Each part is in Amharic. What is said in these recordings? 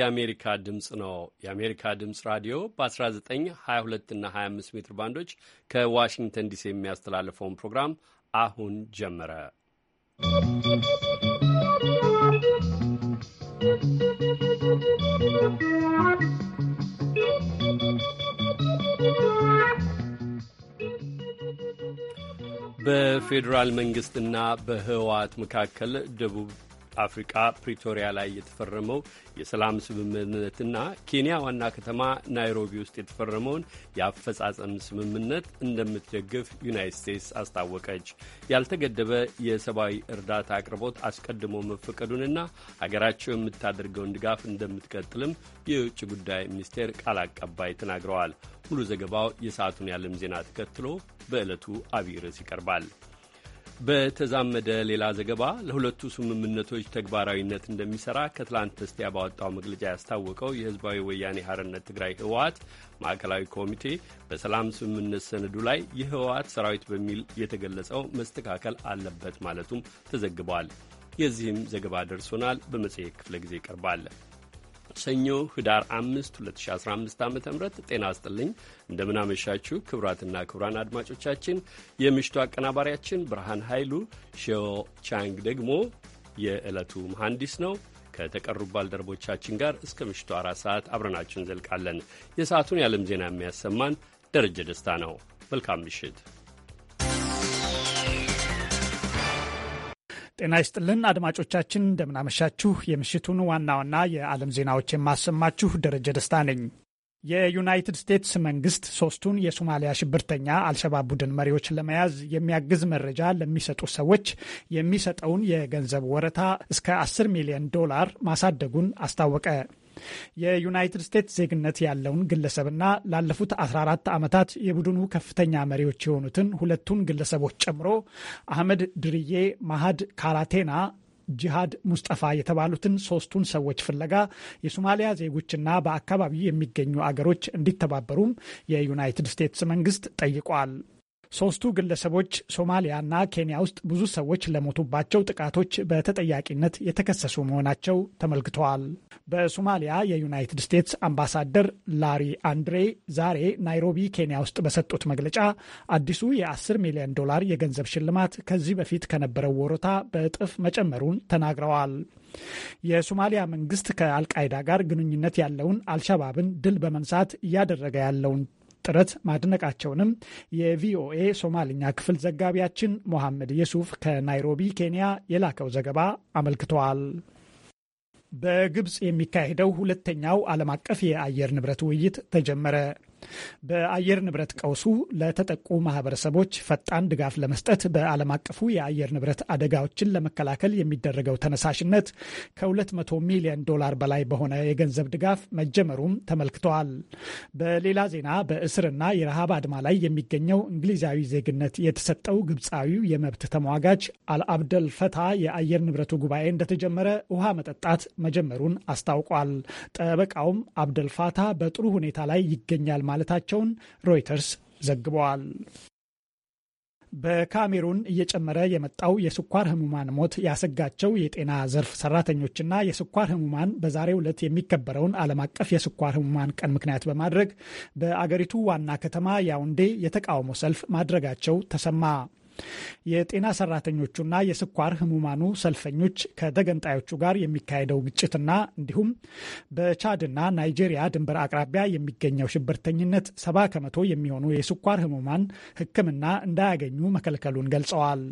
የአሜሪካ ድምፅ ነው። የአሜሪካ ድምፅ ራዲዮ በ1922 እና 25 ሜትር ባንዶች ከዋሽንግተን ዲሲ የሚያስተላልፈውን ፕሮግራም አሁን ጀመረ። በፌዴራል መንግስትና በህወሓት መካከል ደቡብ አፍሪቃ ፕሪቶሪያ ላይ የተፈረመው የሰላም ስምምነትና ኬንያ ዋና ከተማ ናይሮቢ ውስጥ የተፈረመውን የአፈጻጸም ስምምነት እንደምትደግፍ ዩናይት ስቴትስ አስታወቀች። ያልተገደበ የሰብአዊ እርዳታ አቅርቦት አስቀድሞ መፈቀዱንና ሀገራቸው የምታደርገውን ድጋፍ እንደምትቀጥልም የውጭ ጉዳይ ሚኒስቴር ቃል አቀባይ ተናግረዋል። ሙሉ ዘገባው የሰዓቱን የዓለም ዜና ተከትሎ በዕለቱ አብይ ርዕስ ይቀርባል። በተዛመደ ሌላ ዘገባ ለሁለቱ ስምምነቶች ተግባራዊነት እንደሚሰራ ከትላንት በስቲያ ባወጣው መግለጫ ያስታወቀው የህዝባዊ ወያኔ ሀርነት ትግራይ ህወሓት ማዕከላዊ ኮሚቴ በሰላም ስምምነት ሰነዱ ላይ የህወሓት ሰራዊት በሚል የተገለጸው መስተካከል አለበት ማለቱም ተዘግቧል። የዚህም ዘገባ ደርሶናል። በመጽሔት ክፍለ ጊዜ ይቀርባል። ሰኞ ህዳር 5 2015 ዓ ም ጤና ይስጥልኝ። እንደምናመሻችሁ ክቡራትና ክቡራን አድማጮቻችን የምሽቱ አቀናባሪያችን ብርሃን ኃይሉ፣ ሼዎ ቻንግ ደግሞ የዕለቱ መሐንዲስ ነው። ከተቀሩ ባልደረቦቻችን ጋር እስከ ምሽቱ አራት ሰዓት አብረናችሁ እንዘልቃለን። የሰዓቱን የዓለም ዜና የሚያሰማን ደረጀ ደስታ ነው። መልካም ምሽት። ጤና ይስጥልን አድማጮቻችን፣ እንደምናመሻችሁ። የምሽቱን ዋና ዋና የዓለም ዜናዎች የማሰማችሁ ደረጀ ደስታ ነኝ። የዩናይትድ ስቴትስ መንግስት ሶስቱን የሶማሊያ ሽብርተኛ አልሸባብ ቡድን መሪዎች ለመያዝ የሚያግዝ መረጃ ለሚሰጡ ሰዎች የሚሰጠውን የገንዘብ ወረታ እስከ 10 ሚሊዮን ዶላር ማሳደጉን አስታወቀ። የዩናይትድ ስቴትስ ዜግነት ያለውን ግለሰብና ላለፉት 14 ዓመታት የቡድኑ ከፍተኛ መሪዎች የሆኑትን ሁለቱን ግለሰቦች ጨምሮ አህመድ ድርዬ ማሃድ ካራቴና ጂሃድ ሙስጠፋ የተባሉትን ሶስቱን ሰዎች ፍለጋ የሶማሊያ ዜጎችና በአካባቢው የሚገኙ አገሮች እንዲተባበሩም የዩናይትድ ስቴትስ መንግስት ጠይቋል። ሶስቱ ግለሰቦች ሶማሊያና ኬንያ ውስጥ ብዙ ሰዎች ለሞቱባቸው ጥቃቶች በተጠያቂነት የተከሰሱ መሆናቸው ተመልክተዋል። በሶማሊያ የዩናይትድ ስቴትስ አምባሳደር ላሪ አንድሬ ዛሬ ናይሮቢ ኬንያ ውስጥ በሰጡት መግለጫ አዲሱ የ10 ሚሊዮን ዶላር የገንዘብ ሽልማት ከዚህ በፊት ከነበረው ወሮታ በእጥፍ መጨመሩን ተናግረዋል። የሶማሊያ መንግስት ከአልቃይዳ ጋር ግንኙነት ያለውን አልሸባብን ድል በመንሳት እያደረገ ያለውን ጥረት ማድነቃቸውንም የቪኦኤ ሶማልኛ ክፍል ዘጋቢያችን ሞሐመድ የሱፍ ከናይሮቢ ኬንያ የላከው ዘገባ አመልክተዋል። በግብፅ የሚካሄደው ሁለተኛው ዓለም አቀፍ የአየር ንብረት ውይይት ተጀመረ። በአየር ንብረት ቀውሱ ለተጠቁ ማህበረሰቦች ፈጣን ድጋፍ ለመስጠት በዓለም አቀፉ የአየር ንብረት አደጋዎችን ለመከላከል የሚደረገው ተነሳሽነት ከ200 ሚሊዮን ዶላር በላይ በሆነ የገንዘብ ድጋፍ መጀመሩም ተመልክተዋል። በሌላ ዜና በእስርና የረሃብ አድማ ላይ የሚገኘው እንግሊዛዊ ዜግነት የተሰጠው ግብፃዊው የመብት ተሟጋች አልአብደል ፈታ የአየር ንብረቱ ጉባኤ እንደተጀመረ ውሃ መጠጣት መጀመሩን አስታውቋል። ጠበቃውም አብደል ፋታ በጥሩ ሁኔታ ላይ ይገኛል ማለታቸውን ሮይተርስ ዘግበዋል። በካሜሩን እየጨመረ የመጣው የስኳር ህሙማን ሞት ያሰጋቸው የጤና ዘርፍ ሰራተኞችና የስኳር ህሙማን በዛሬው ዕለት የሚከበረውን ዓለም አቀፍ የስኳር ህሙማን ቀን ምክንያት በማድረግ በአገሪቱ ዋና ከተማ ያውንዴ የተቃውሞ ሰልፍ ማድረጋቸው ተሰማ። የጤና ሰራተኞቹና የስኳር ህሙማኑ ሰልፈኞች ከተገንጣዮቹ ጋር የሚካሄደው ግጭትና እንዲሁም በቻድና ናይጄሪያ ድንበር አቅራቢያ የሚገኘው ሽብርተኝነት ሰባ ከመቶ የሚሆኑ የስኳር ህሙማን ሕክምና እንዳያገኙ መከልከሉን ገልጸዋል።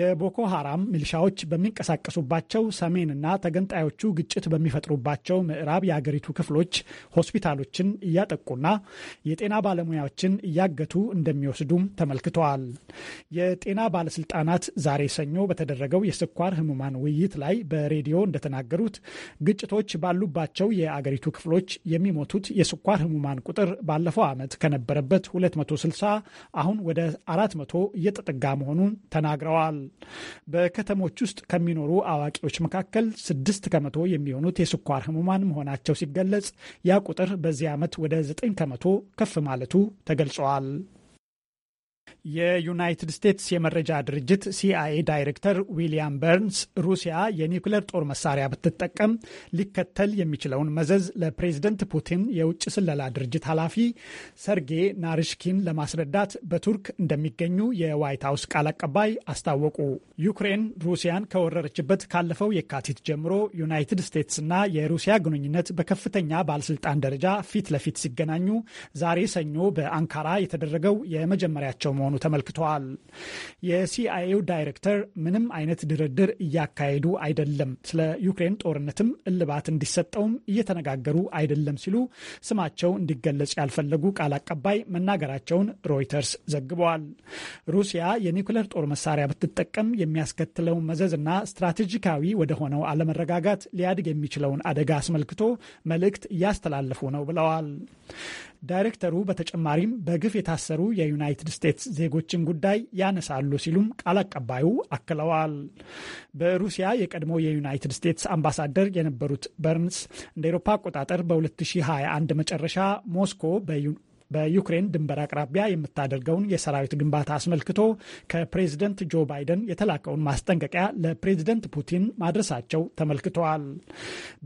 የቦኮ ሀራም ሚልሻዎች በሚንቀሳቀሱባቸው ሰሜንና ተገንጣዮቹ ግጭት በሚፈጥሩባቸው ምዕራብ የአገሪቱ ክፍሎች ሆስፒታሎችን እያጠቁና የጤና ባለሙያዎችን እያገቱ እንደሚወስዱም ተመልክተዋል። የጤና ባለስልጣናት ዛሬ ሰኞ በተደረገው የስኳር ህሙማን ውይይት ላይ በሬዲዮ እንደተናገሩት ግጭቶች ባሉባቸው የአገሪቱ ክፍሎች የሚሞቱት የስኳር ህሙማን ቁጥር ባለፈው ዓመት ከነበረበት 260 አሁን ወደ 400 እየተጠጋ መሆኑን ተናግረዋል። በከተሞች ውስጥ ከሚኖሩ አዋቂዎች መካከል 6 ከመቶ የሚሆኑት የስኳር ህሙማን መሆናቸው ሲገለጽ ያ ቁጥር በዚህ ዓመት ወደ 9 ከመቶ ከፍ ማለቱ ተገልጿል። የዩናይትድ ስቴትስ የመረጃ ድርጅት ሲአይኤ ዳይሬክተር ዊሊያም በርንስ ሩሲያ የኒውክሌር ጦር መሳሪያ ብትጠቀም ሊከተል የሚችለውን መዘዝ ለፕሬዝደንት ፑቲን የውጭ ስለላ ድርጅት ኃላፊ ሰርጌ ናርሽኪን ለማስረዳት በቱርክ እንደሚገኙ የዋይት ሀውስ ቃል አቀባይ አስታወቁ። ዩክሬን ሩሲያን ከወረረችበት ካለፈው የካቲት ጀምሮ ዩናይትድ ስቴትስና የሩሲያ ግንኙነት በከፍተኛ ባለስልጣን ደረጃ ፊት ለፊት ሲገናኙ ዛሬ ሰኞ በአንካራ የተደረገው የመጀመሪያቸው መሆኑ ተመልክተዋል። የሲአይኤው ዳይሬክተር ምንም አይነት ድርድር እያካሄዱ አይደለም፣ ስለ ዩክሬን ጦርነትም እልባት እንዲሰጠውም እየተነጋገሩ አይደለም ሲሉ ስማቸው እንዲገለጽ ያልፈለጉ ቃል አቀባይ መናገራቸውን ሮይተርስ ዘግበዋል። ሩሲያ የኒውክለር ጦር መሳሪያ ብትጠቀም የሚያስከትለው መዘዝና ስትራቴጂካዊ ወደሆነው አለመረጋጋት ሊያድግ የሚችለውን አደጋ አስመልክቶ መልእክት እያስተላለፉ ነው ብለዋል። ዳይሬክተሩ በተጨማሪም በግፍ የታሰሩ የዩናይትድ ስቴትስ ዜጎችን ጉዳይ ያነሳሉ ሲሉም ቃል አቀባዩ አክለዋል። በሩሲያ የቀድሞ የዩናይትድ ስቴትስ አምባሳደር የነበሩት በርንስ እንደ ኤሮፓ አቆጣጠር በ2021 መጨረሻ ሞስኮ በዩክሬን ድንበር አቅራቢያ የምታደርገውን የሰራዊት ግንባታ አስመልክቶ ከፕሬዝደንት ጆ ባይደን የተላከውን ማስጠንቀቂያ ለፕሬዝደንት ፑቲን ማድረሳቸው ተመልክተዋል።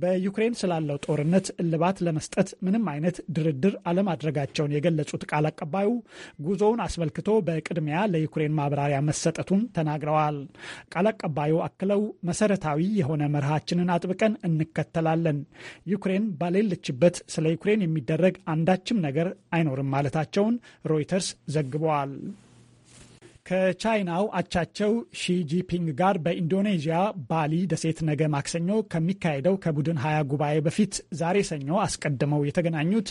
በዩክሬን ስላለው ጦርነት እልባት ለመስጠት ምንም አይነት ድርድር አለማድረጋቸውን የገለጹት ቃል አቀባዩ ጉዞውን አስመልክቶ በቅድሚያ ለዩክሬን ማብራሪያ መሰጠቱን ተናግረዋል። ቃል አቀባዩ አክለው መሰረታዊ የሆነ መርሃችንን አጥብቀን እንከተላለን። ዩክሬን ባሌለችበት ስለ ዩክሬን የሚደረግ አንዳችም ነገር አይኖ አይኖርም ማለታቸውን ሮይተርስ ዘግበዋል ከቻይናው አቻቸው ሺጂፒንግ ጋር በኢንዶኔዥያ ባሊ ደሴት ነገ ማክሰኞ ከሚካሄደው ከቡድን ሀያ ጉባኤ በፊት ዛሬ ሰኞ አስቀድመው የተገናኙት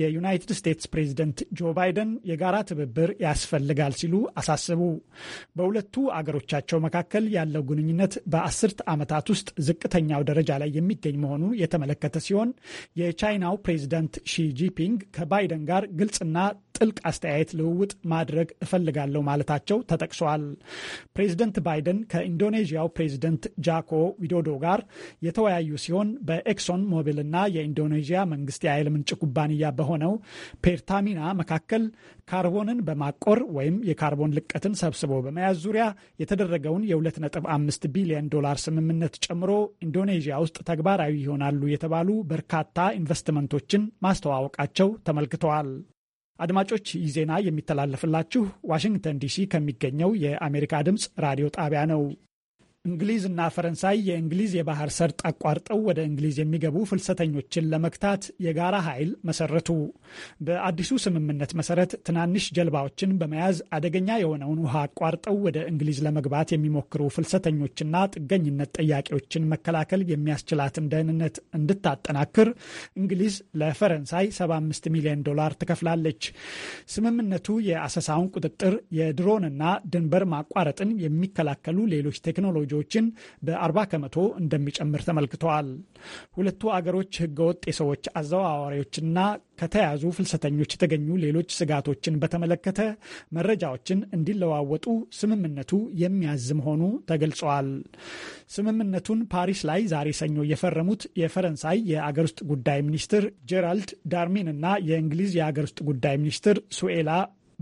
የዩናይትድ ስቴትስ ፕሬዚደንት ጆ ባይደን የጋራ ትብብር ያስፈልጋል ሲሉ አሳስቡ። በሁለቱ አገሮቻቸው መካከል ያለው ግንኙነት በአስርት ዓመታት ውስጥ ዝቅተኛው ደረጃ ላይ የሚገኝ መሆኑ የተመለከተ ሲሆን የቻይናው ፕሬዚደንት ሺጂፒንግ ከባይደን ጋር ግልጽና ጥልቅ አስተያየት ልውውጥ ማድረግ እፈልጋለሁ ማለታቸው ተጠቅሷል። ፕሬዚደንት ባይደን ከኢንዶኔዥያው ፕሬዚደንት ጃኮ ዊዶዶ ጋር የተወያዩ ሲሆን በኤክሶን ሞቢልና የኢንዶኔዥያ መንግስት የኃይል ምንጭ ኩባንያ በሆነው ፔርታሚና መካከል ካርቦንን በማቆር ወይም የካርቦን ልቀትን ሰብስቦ በመያዝ ዙሪያ የተደረገውን የ2.5 ቢሊዮን ዶላር ስምምነት ጨምሮ ኢንዶኔዥያ ውስጥ ተግባራዊ ይሆናሉ የተባሉ በርካታ ኢንቨስትመንቶችን ማስተዋወቃቸው ተመልክተዋል። አድማጮች ይህ ዜና የሚተላለፍላችሁ ዋሽንግተን ዲሲ ከሚገኘው የአሜሪካ ድምፅ ራዲዮ ጣቢያ ነው። እንግሊዝ እና ፈረንሳይ የእንግሊዝ የባህር ሰርጥ አቋርጠው ወደ እንግሊዝ የሚገቡ ፍልሰተኞችን ለመግታት የጋራ ኃይል መሰረቱ። በአዲሱ ስምምነት መሰረት ትናንሽ ጀልባዎችን በመያዝ አደገኛ የሆነውን ውሃ አቋርጠው ወደ እንግሊዝ ለመግባት የሚሞክሩ ፍልሰተኞችና ጥገኝነት ጠያቂዎችን መከላከል የሚያስችላትን ደህንነት እንድታጠናክር እንግሊዝ ለፈረንሳይ 75 ሚሊዮን ዶላር ትከፍላለች። ስምምነቱ የአሰሳውን ቁጥጥር፣ የድሮንና ድንበር ማቋረጥን የሚከላከሉ ሌሎች ቴክኖሎጂ ተጎጂዎችን በ40 ከመቶ እንደሚጨምር ተመልክተዋል። ሁለቱ አገሮች ህገወጥ የሰዎች አዘዋዋሪዎችና ከተያዙ ፍልሰተኞች የተገኙ ሌሎች ስጋቶችን በተመለከተ መረጃዎችን እንዲለዋወጡ ስምምነቱ የሚያዝ መሆኑ ተገልጿል። ስምምነቱን ፓሪስ ላይ ዛሬ ሰኞ የፈረሙት የፈረንሳይ የአገር ውስጥ ጉዳይ ሚኒስትር ጄራልድ ዳርሚን እና የእንግሊዝ የአገር ውስጥ ጉዳይ ሚኒስትር ሱኤላ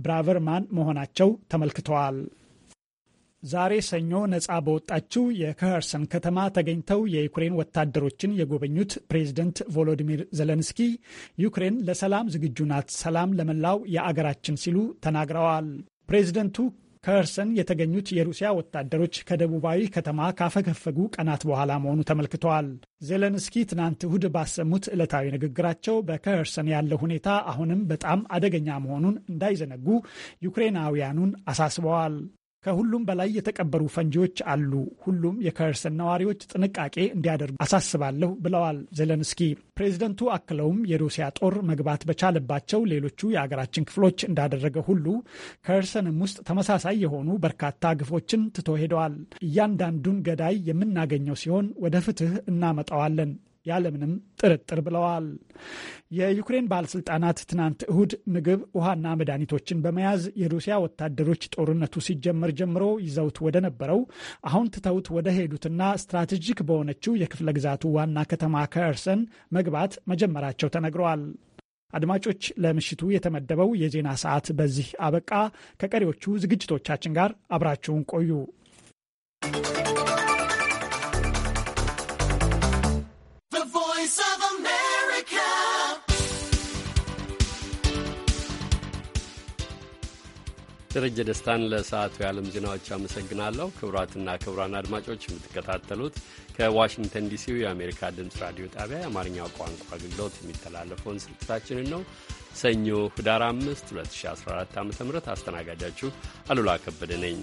ብራቨርማን መሆናቸው ተመልክተዋል። ዛሬ ሰኞ ነጻ በወጣችው የከኸርሰን ከተማ ተገኝተው የዩክሬን ወታደሮችን የጎበኙት ፕሬዝደንት ቮሎዲሚር ዘለንስኪ ዩክሬን ለሰላም ዝግጁ ናት፣ ሰላም ለመላው የአገራችን ሲሉ ተናግረዋል። ፕሬዚደንቱ ከኸርሰን የተገኙት የሩሲያ ወታደሮች ከደቡባዊ ከተማ ካፈገፈጉ ቀናት በኋላ መሆኑ ተመልክተዋል። ዜለንስኪ ትናንት እሁድ ባሰሙት ዕለታዊ ንግግራቸው በከኸርሰን ያለው ሁኔታ አሁንም በጣም አደገኛ መሆኑን እንዳይዘነጉ ዩክሬናውያኑን አሳስበዋል። ከሁሉም በላይ የተቀበሩ ፈንጂዎች አሉ። ሁሉም የከርሰን ነዋሪዎች ጥንቃቄ እንዲያደርጉ አሳስባለሁ ብለዋል ዜሌንስኪ። ፕሬዚደንቱ አክለውም የሩሲያ ጦር መግባት በቻለባቸው ሌሎቹ የአገራችን ክፍሎች እንዳደረገ ሁሉ ከርሰንም ውስጥ ተመሳሳይ የሆኑ በርካታ ግፎችን ትቶ ሄደዋል። እያንዳንዱን ገዳይ የምናገኘው ሲሆን ወደ ፍትህ እናመጣዋለን። ያለምንም ጥርጥር ብለዋል። የዩክሬን ባለስልጣናት ትናንት እሁድ ምግብ፣ ውሃና መድኃኒቶችን በመያዝ የሩሲያ ወታደሮች ጦርነቱ ሲጀመር ጀምሮ ይዘውት ወደ ነበረው አሁን ትተውት ወደ ሄዱትና ስትራቴጂክ በሆነችው የክፍለ ግዛቱ ዋና ከተማ ከእርሰን መግባት መጀመራቸው ተነግረዋል። አድማጮች፣ ለምሽቱ የተመደበው የዜና ሰዓት በዚህ አበቃ። ከቀሪዎቹ ዝግጅቶቻችን ጋር አብራችሁን ቆዩ። ደረጀ ደስታን ለሰዓቱ የዓለም ዜናዎች አመሰግናለሁ። ክቡራትና ክቡራን አድማጮች የምትከታተሉት ከዋሽንግተን ዲሲው የአሜሪካ ድምፅ ራዲዮ ጣቢያ የአማርኛው ቋንቋ አገልግሎት የሚተላለፈውን ስርጭታችንን ነው። ሰኞ ህዳር 5 2014 ዓ ም አስተናጋጃችሁ አሉላ ከበደ ነኝ።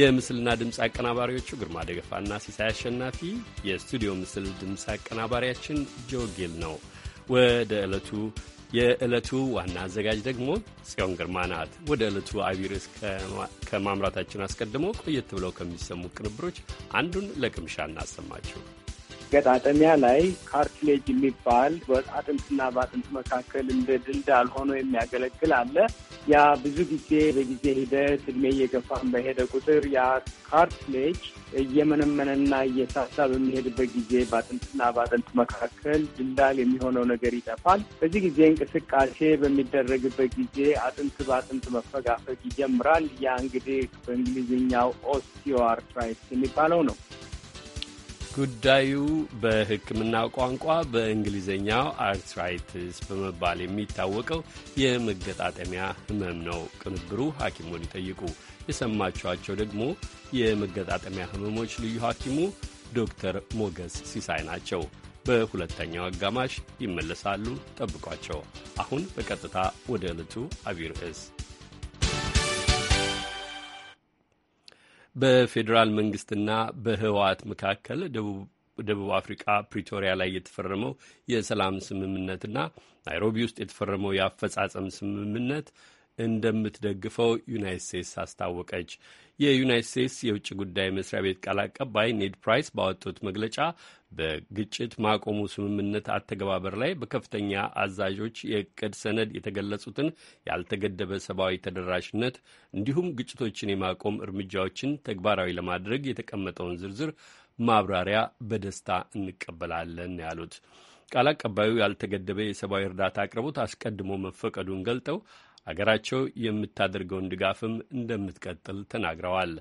የምስልና ድምፅ አቀናባሪዎቹ ግርማ ደገፋና ሲሳይ አሸናፊ፣ የስቱዲዮ ምስል ድምፅ አቀናባሪያችን ጆጌል ነው። ወደ ዕለቱ የዕለቱ ዋና አዘጋጅ ደግሞ ጽዮን ግርማ ናት። ወደ ዕለቱ አቢይ ርዕስ ከማምራታችን አስቀድሞ ቆየት ብለው ከሚሰሙ ቅንብሮች አንዱን ለቅምሻ እናሰማችሁ። ገጣጠሚያ ላይ ካርትሌጅ የሚባል በአጥንትና በአጥንት መካከል እንደ ድልዳል ሆኖ የሚያገለግል አለ። ያ ብዙ ጊዜ በጊዜ ሂደት እድሜ እየገፋን በሄደ ቁጥር ያ ካርትሌጅ እየመነመነና እየሳሳ በሚሄድበት ጊዜ በአጥንትና በአጥንት መካከል ድልዳል የሚሆነው ነገር ይጠፋል። በዚህ ጊዜ እንቅስቃሴ በሚደረግበት ጊዜ አጥንት በአጥንት መፈጋፈግ ይጀምራል። ያ እንግዲህ በእንግሊዝኛው ኦስቲዮአርትራይት የሚባለው ነው። ጉዳዩ በሕክምና ቋንቋ በእንግሊዝኛው አርትራይትስ በመባል የሚታወቀው የመገጣጠሚያ ህመም ነው። ቅንብሩ ሐኪሙን ይጠይቁ የሰማችኋቸው ደግሞ የመገጣጠሚያ ህመሞች ልዩ ሐኪሙ ዶክተር ሞገስ ሲሳይ ናቸው። በሁለተኛው አጋማሽ ይመለሳሉ፣ ጠብቋቸው። አሁን በቀጥታ ወደ ዕለቱ አብይ ርዕስ በፌዴራል መንግስትና በህወሓት መካከል ደቡብ አፍሪቃ ፕሪቶሪያ ላይ የተፈረመው የሰላም ስምምነትና ናይሮቢ ውስጥ የተፈረመው የአፈጻጸም ስምምነት እንደምትደግፈው ዩናይት ስቴትስ አስታወቀች። የዩናይት ስቴትስ የውጭ ጉዳይ መስሪያ ቤት ቃል አቀባይ ኔድ ፕራይስ ባወጡት መግለጫ በግጭት ማቆሙ ስምምነት አተገባበር ላይ በከፍተኛ አዛዦች የእቅድ ሰነድ የተገለጹትን ያልተገደበ ሰብአዊ ተደራሽነት እንዲሁም ግጭቶችን የማቆም እርምጃዎችን ተግባራዊ ለማድረግ የተቀመጠውን ዝርዝር ማብራሪያ በደስታ እንቀበላለን ያሉት ቃል አቀባዩ ያልተገደበ የሰብአዊ እርዳታ አቅርቦት አስቀድሞ መፈቀዱን ገልጠው አገራቸው የምታደርገውን ድጋፍም እንደምትቀጥል ተናግረዋል።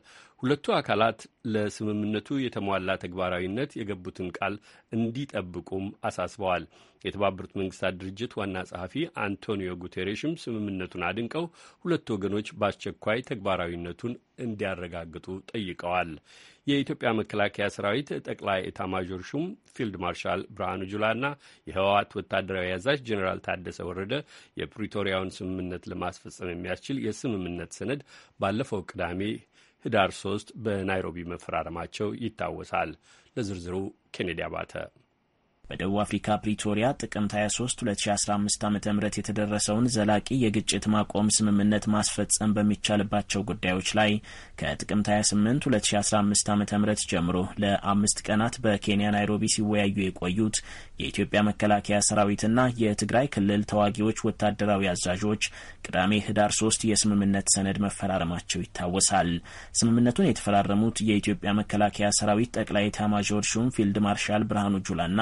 ሁለቱ አካላት ለስምምነቱ የተሟላ ተግባራዊነት የገቡትን ቃል እንዲጠብቁም አሳስበዋል። የተባበሩት መንግስታት ድርጅት ዋና ጸሐፊ አንቶኒዮ ጉቴሬሽም ስምምነቱን አድንቀው ሁለቱ ወገኖች በአስቸኳይ ተግባራዊነቱን እንዲያረጋግጡ ጠይቀዋል። የኢትዮጵያ መከላከያ ሰራዊት ጠቅላይ ኤታማዦር ሹም ፊልድ ማርሻል ብርሃኑ ጁላና የህወሓት ወታደራዊ አዛዥ ጀኔራል ታደሰ ወረደ የፕሪቶሪያውን ስምምነት ለማስፈጸም የሚያስችል የስምምነት ሰነድ ባለፈው ቅዳሜ ህዳር 3 በናይሮቢ መፈራረማቸው ይታወሳል። ለዝርዝሩ ኬኔዲ አባተ በደቡብ አፍሪካ ፕሪቶሪያ ጥቅምት 23 2015 ዓ ም የተደረሰውን ዘላቂ የግጭት ማቆም ስምምነት ማስፈጸም በሚቻልባቸው ጉዳዮች ላይ ከጥቅምት 28 2015 ዓ ም ጀምሮ ለአምስት ቀናት በኬንያ ናይሮቢ ሲወያዩ የቆዩት የኢትዮጵያ መከላከያ ሰራዊትና የትግራይ ክልል ተዋጊዎች ወታደራዊ አዛዦች ቅዳሜ ህዳር 3 የስምምነት ሰነድ መፈራረማቸው ይታወሳል። ስምምነቱን የተፈራረሙት የኢትዮጵያ መከላከያ ሰራዊት ጠቅላይ ኤታማዦር ሹም ፊልድ ማርሻል ብርሃኑ ጁላና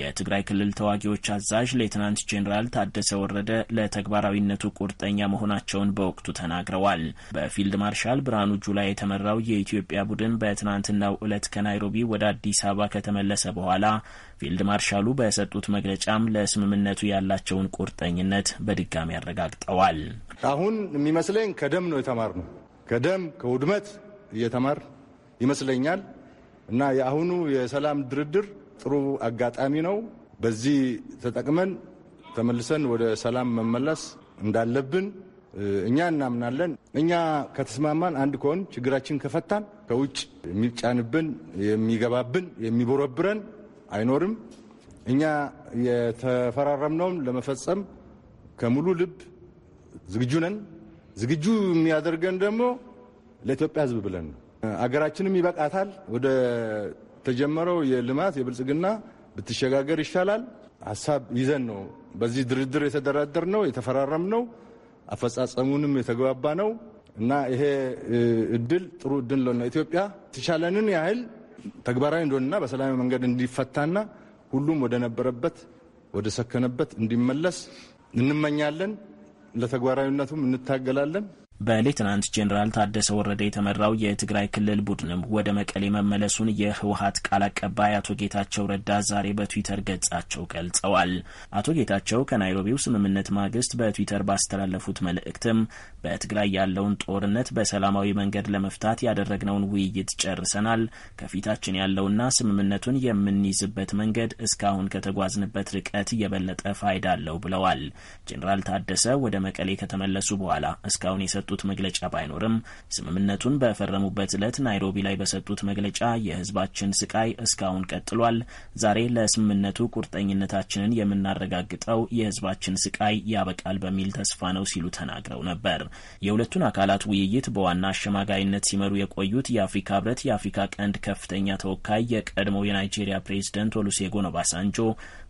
የትግራይ ክልል ተዋጊዎች አዛዥ ሌትናንት ጄኔራል ታደሰ ወረደ ለተግባራዊነቱ ቁርጠኛ መሆናቸውን በወቅቱ ተናግረዋል። በፊልድ ማርሻል ብርሃኑ ጁላ የተመራው የኢትዮጵያ ቡድን በትናንትናው ዕለት ከናይሮቢ ወደ አዲስ አበባ ከተመለሰ በኋላ ፊልድ ማርሻሉ በሰጡት መግለጫም ለስምምነቱ ያላቸውን ቁርጠኝነት በድጋሚ አረጋግጠዋል። አሁን የሚመስለኝ ከደም ነው ነው ከደም ከውድመት እየተማር ይመስለኛል እና የአሁኑ የሰላም ድርድር ጥሩ አጋጣሚ ነው። በዚህ ተጠቅመን ተመልሰን ወደ ሰላም መመለስ እንዳለብን እኛ እናምናለን። እኛ ከተስማማን፣ አንድ ከሆን፣ ችግራችን ከፈታን ከውጭ የሚጫንብን የሚገባብን የሚቦረብረን አይኖርም። እኛ የተፈራረምነውን ለመፈጸም ከሙሉ ልብ ዝግጁ ነን። ዝግጁ የሚያደርገን ደግሞ ለኢትዮጵያ ሕዝብ ብለን ነው። አገራችንም ይበቃታል። ወደ ተጀመረው የልማት የብልጽግና ብትሸጋገር ይሻላል ሀሳብ ይዘን ነው በዚህ ድርድር የተደራደር ነው የተፈራረም ነው አፈጻጸሙንም የተግባባ ነው እና ይሄ እድል ጥሩ እድል ለሆነ ኢትዮጵያ ተቻለንን ያህል ተግባራዊ እንደሆነና በሰላማዊ መንገድ እንዲፈታና ሁሉም ወደ ነበረበት ወደ ሰከነበት እንዲመለስ እንመኛለን። ለተግባራዊነቱም እንታገላለን። በሌትናንት ጄኔራል ታደሰ ወረደ የተመራው የትግራይ ክልል ቡድንም ወደ መቀሌ መመለሱን የህወሀት ቃል አቀባይ አቶ ጌታቸው ረዳ ዛሬ በትዊተር ገጻቸው ገልጸዋል። አቶ ጌታቸው ከናይሮቢው ስምምነት ማግስት በትዊተር ባስተላለፉት መልእክትም በትግራይ ያለውን ጦርነት በሰላማዊ መንገድ ለመፍታት ያደረግነውን ውይይት ጨርሰናል። ከፊታችን ያለውና ስምምነቱን የምንይዝበት መንገድ እስካሁን ከተጓዝንበት ርቀት የበለጠ ፋይዳ አለው ብለዋል። ጄኔራል ታደሰ ወደ መቀሌ ከተመለሱ በኋላ እስካሁን የሰጡ የሰጡት መግለጫ ባይኖርም ስምምነቱን በፈረሙበት ዕለት ናይሮቢ ላይ በሰጡት መግለጫ የህዝባችን ስቃይ እስካሁን ቀጥሏል። ዛሬ ለስምምነቱ ቁርጠኝነታችንን የምናረጋግጠው የህዝባችን ስቃይ ያበቃል በሚል ተስፋ ነው ሲሉ ተናግረው ነበር። የሁለቱን አካላት ውይይት በዋና አሸማጋይነት ሲመሩ የቆዩት የአፍሪካ ህብረት የአፍሪካ ቀንድ ከፍተኛ ተወካይ የቀድሞው የናይጄሪያ ፕሬዚደንት ኦሉሴጎን ኦባሳንጆ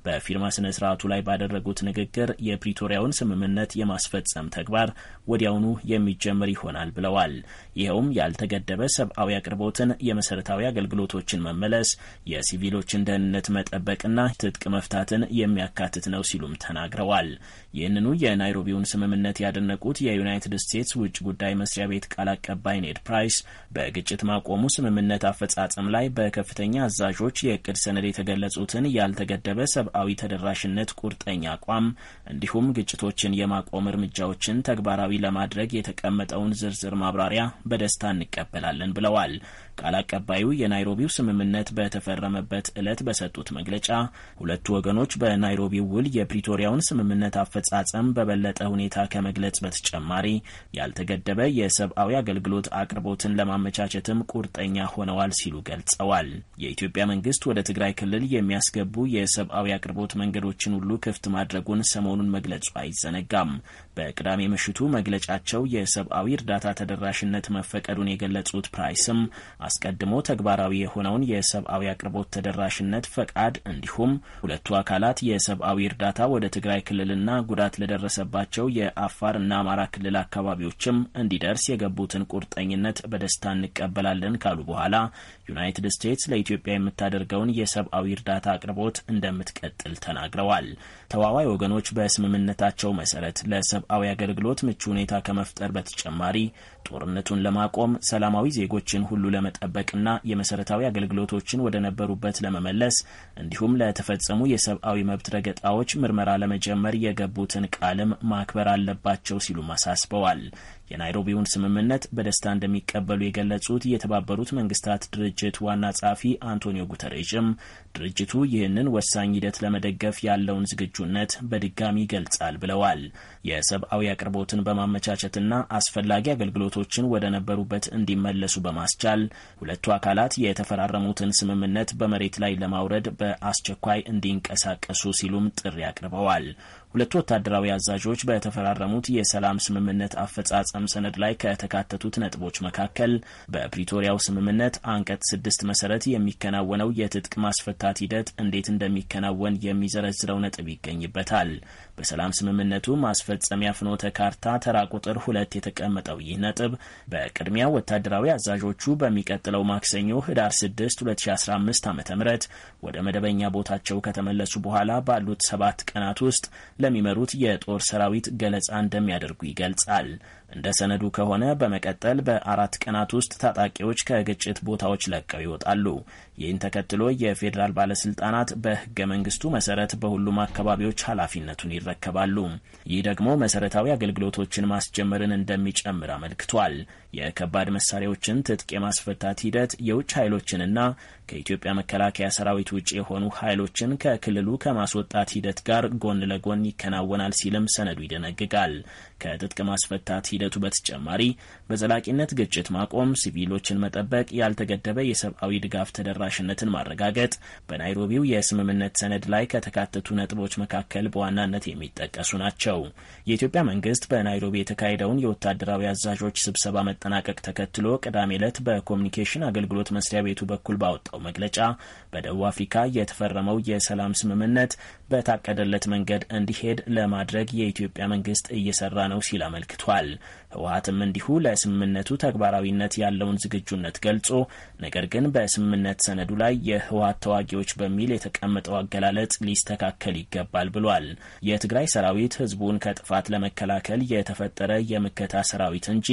በፊርማ ስነ ስርዓቱ ላይ ባደረጉት ንግግር የፕሪቶሪያውን ስምምነት የማስፈጸም ተግባር ወዲያውኑ የሚጀምር ይሆናል ብለዋል። ይኸውም ያልተገደበ ሰብአዊ አቅርቦትን፣ የመሰረታዊ አገልግሎቶችን መመለስ፣ የሲቪሎችን ደህንነት መጠበቅና ትጥቅ መፍታትን የሚያካትት ነው ሲሉም ተናግረዋል። ይህንኑ የናይሮቢውን ስምምነት ያደነቁት የዩናይትድ ስቴትስ ውጭ ጉዳይ መስሪያ ቤት ቃል አቀባይ ኔድ ፕራይስ በግጭት ማቆሙ ስምምነት አፈጻጸም ላይ በከፍተኛ አዛዦች የእቅድ ሰነድ የተገለጹትን ያልተገደበ ሰብ ለሰብአዊ ተደራሽነት ቁርጠኛ አቋም እንዲሁም ግጭቶችን የማቆም እርምጃዎችን ተግባራዊ ለማድረግ የተቀመጠውን ዝርዝር ማብራሪያ በደስታ እንቀበላለን ብለዋል። ቃል አቀባዩ የናይሮቢው ስምምነት በተፈረመበት ዕለት በሰጡት መግለጫ ሁለቱ ወገኖች በናይሮቢው ውል የፕሪቶሪያውን ስምምነት አፈጻጸም በበለጠ ሁኔታ ከመግለጽ በተጨማሪ ያልተገደበ የሰብአዊ አገልግሎት አቅርቦትን ለማመቻቸትም ቁርጠኛ ሆነዋል ሲሉ ገልጸዋል። የኢትዮጵያ መንግስት ወደ ትግራይ ክልል የሚያስገቡ የሰብአዊ አቅርቦት መንገዶችን ሁሉ ክፍት ማድረጉን ሰሞኑን መግለጹ አይዘነጋም። በቅዳሜ ምሽቱ መግለጫቸው የሰብአዊ እርዳታ ተደራሽነት መፈቀዱን የገለጹት ፕራይስም አስቀድሞ ተግባራዊ የሆነውን የሰብአዊ አቅርቦት ተደራሽነት ፈቃድ እንዲሁም ሁለቱ አካላት የሰብአዊ እርዳታ ወደ ትግራይ ክልልና ጉዳት ለደረሰባቸው እና አማራ ክልል አካባቢዎችም እንዲደርስ የገቡትን ቁርጠኝነት በደስታ እንቀበላለን ካሉ በኋላ ዩናይትድ ስቴትስ ለኢትዮጵያ የምታደርገውን የሰብአዊ እርዳታ አቅርቦት እንደምትቀጥል ተናግረዋል። ተዋዋይ ወገኖች በስምምነታቸው መሰረት ለሰብአዊ አገልግሎት ምቹ ሁኔታ ከመፍጠር በተጨማሪ ጦርነቱን ለማቆም ሰላማዊ ዜጎችን ሁሉ ለመጠበቅና የመሰረታዊ አገልግሎቶችን ወደ ነበሩበት ለመመለስ እንዲሁም ለተፈጸሙ የሰብአዊ መብት ረገጣዎች ምርመራ ለመጀመር የገቡትን ቃልም ማክበር አለባቸው ሲሉም አሳስበዋል። የናይሮቢውን ስምምነት በደስታ እንደሚቀበሉ የገለጹት የተባበሩት መንግስታት ድርጅት ዋና ጸሐፊ አንቶኒዮ ጉተሬዥም ድርጅቱ ይህንን ወሳኝ ሂደት ለመደገፍ ያለውን ዝግጁነት በድጋሚ ይገልጻል ብለዋል። የሰብአዊ አቅርቦትን በማመቻቸትና አስፈላጊ አገልግሎቶችን ወደ ነበሩበት እንዲመለሱ በማስቻል ሁለቱ አካላት የተፈራረሙትን ስምምነት በመሬት ላይ ለማውረድ በአስቸኳይ እንዲንቀሳቀሱ ሲሉም ጥሪ አቅርበዋል። ሁለቱ ወታደራዊ አዛዦች በተፈራረሙት የሰላም ስምምነት አፈጻጸም ሰነድ ላይ ከተካተቱት ነጥቦች መካከል በፕሪቶሪያው ስምምነት አንቀጽ ስድስት መሰረት የሚከናወነው የትጥቅ ማስፈታት ሂደት እንዴት እንደሚከናወን የሚዘረዝረው ነጥብ ይገኝበታል። በሰላም ስምምነቱ ማስፈጸሚያ ፍኖተ ካርታ ተራ ቁጥር ሁለት የተቀመጠው ይህ ነጥብ በቅድሚያ ወታደራዊ አዛዦቹ በሚቀጥለው ማክሰኞ ህዳር 6 2015 ዓ ም ወደ መደበኛ ቦታቸው ከተመለሱ በኋላ ባሉት ሰባት ቀናት ውስጥ ለሚመሩት የጦር ሰራዊት ገለጻ እንደሚያደርጉ ይገልጻል። እንደ ሰነዱ ከሆነ በመቀጠል በአራት ቀናት ውስጥ ታጣቂዎች ከግጭት ቦታዎች ለቀው ይወጣሉ። ይህን ተከትሎ የፌዴራል ባለስልጣናት በህገ መንግስቱ መሰረት በሁሉም አካባቢዎች ኃላፊነቱን ይረከባሉ። ይህ ደግሞ መሰረታዊ አገልግሎቶችን ማስጀመርን እንደሚጨምር አመልክቷል። የከባድ መሳሪያዎችን ትጥቅ የማስፈታት ሂደት የውጭ ኃይሎችንና ከኢትዮጵያ መከላከያ ሰራዊት ውጭ የሆኑ ኃይሎችን ከክልሉ ከማስወጣት ሂደት ጋር ጎን ለጎን ይከናወናል ሲልም ሰነዱ ይደነግጋል። ከትጥቅ ማስፈታት ሂደቱ በተጨማሪ በዘላቂነት ግጭት ማቆም፣ ሲቪሎችን መጠበቅ፣ ያልተገደበ የሰብአዊ ድጋፍ ተደራሽነትን ማረጋገጥ በናይሮቢው የስምምነት ሰነድ ላይ ከተካተቱ ነጥቦች መካከል በዋናነት የሚጠቀሱ ናቸው። የኢትዮጵያ መንግስት በናይሮቢ የተካሄደውን የወታደራዊ አዛዦች ስብሰባ መጠናቀቅ ተከትሎ ቅዳሜ ዕለት በኮሚኒኬሽን አገልግሎት መስሪያ ቤቱ በኩል ባወጣው መግለጫ በደቡብ አፍሪካ የተፈረመው የሰላም ስምምነት በታቀደለት መንገድ እንዲሄድ ለማድረግ የኢትዮጵያ መንግስት እየሰራ ነው ሲል አመልክቷል። ህወሀትም እንዲሁ ለስምምነቱ ተግባራዊነት ያለውን ዝግጁነት ገልጾ ነገር ግን በስምምነት ሰነዱ ላይ የህወሀት ተዋጊዎች በሚል የተቀመጠው አገላለጽ ሊስተካከል ይገባል ብሏል። የትግራይ ሰራዊት ህዝቡን ከጥፋት ለመከላከል የተፈጠረ የምከታ ሰራዊት እንጂ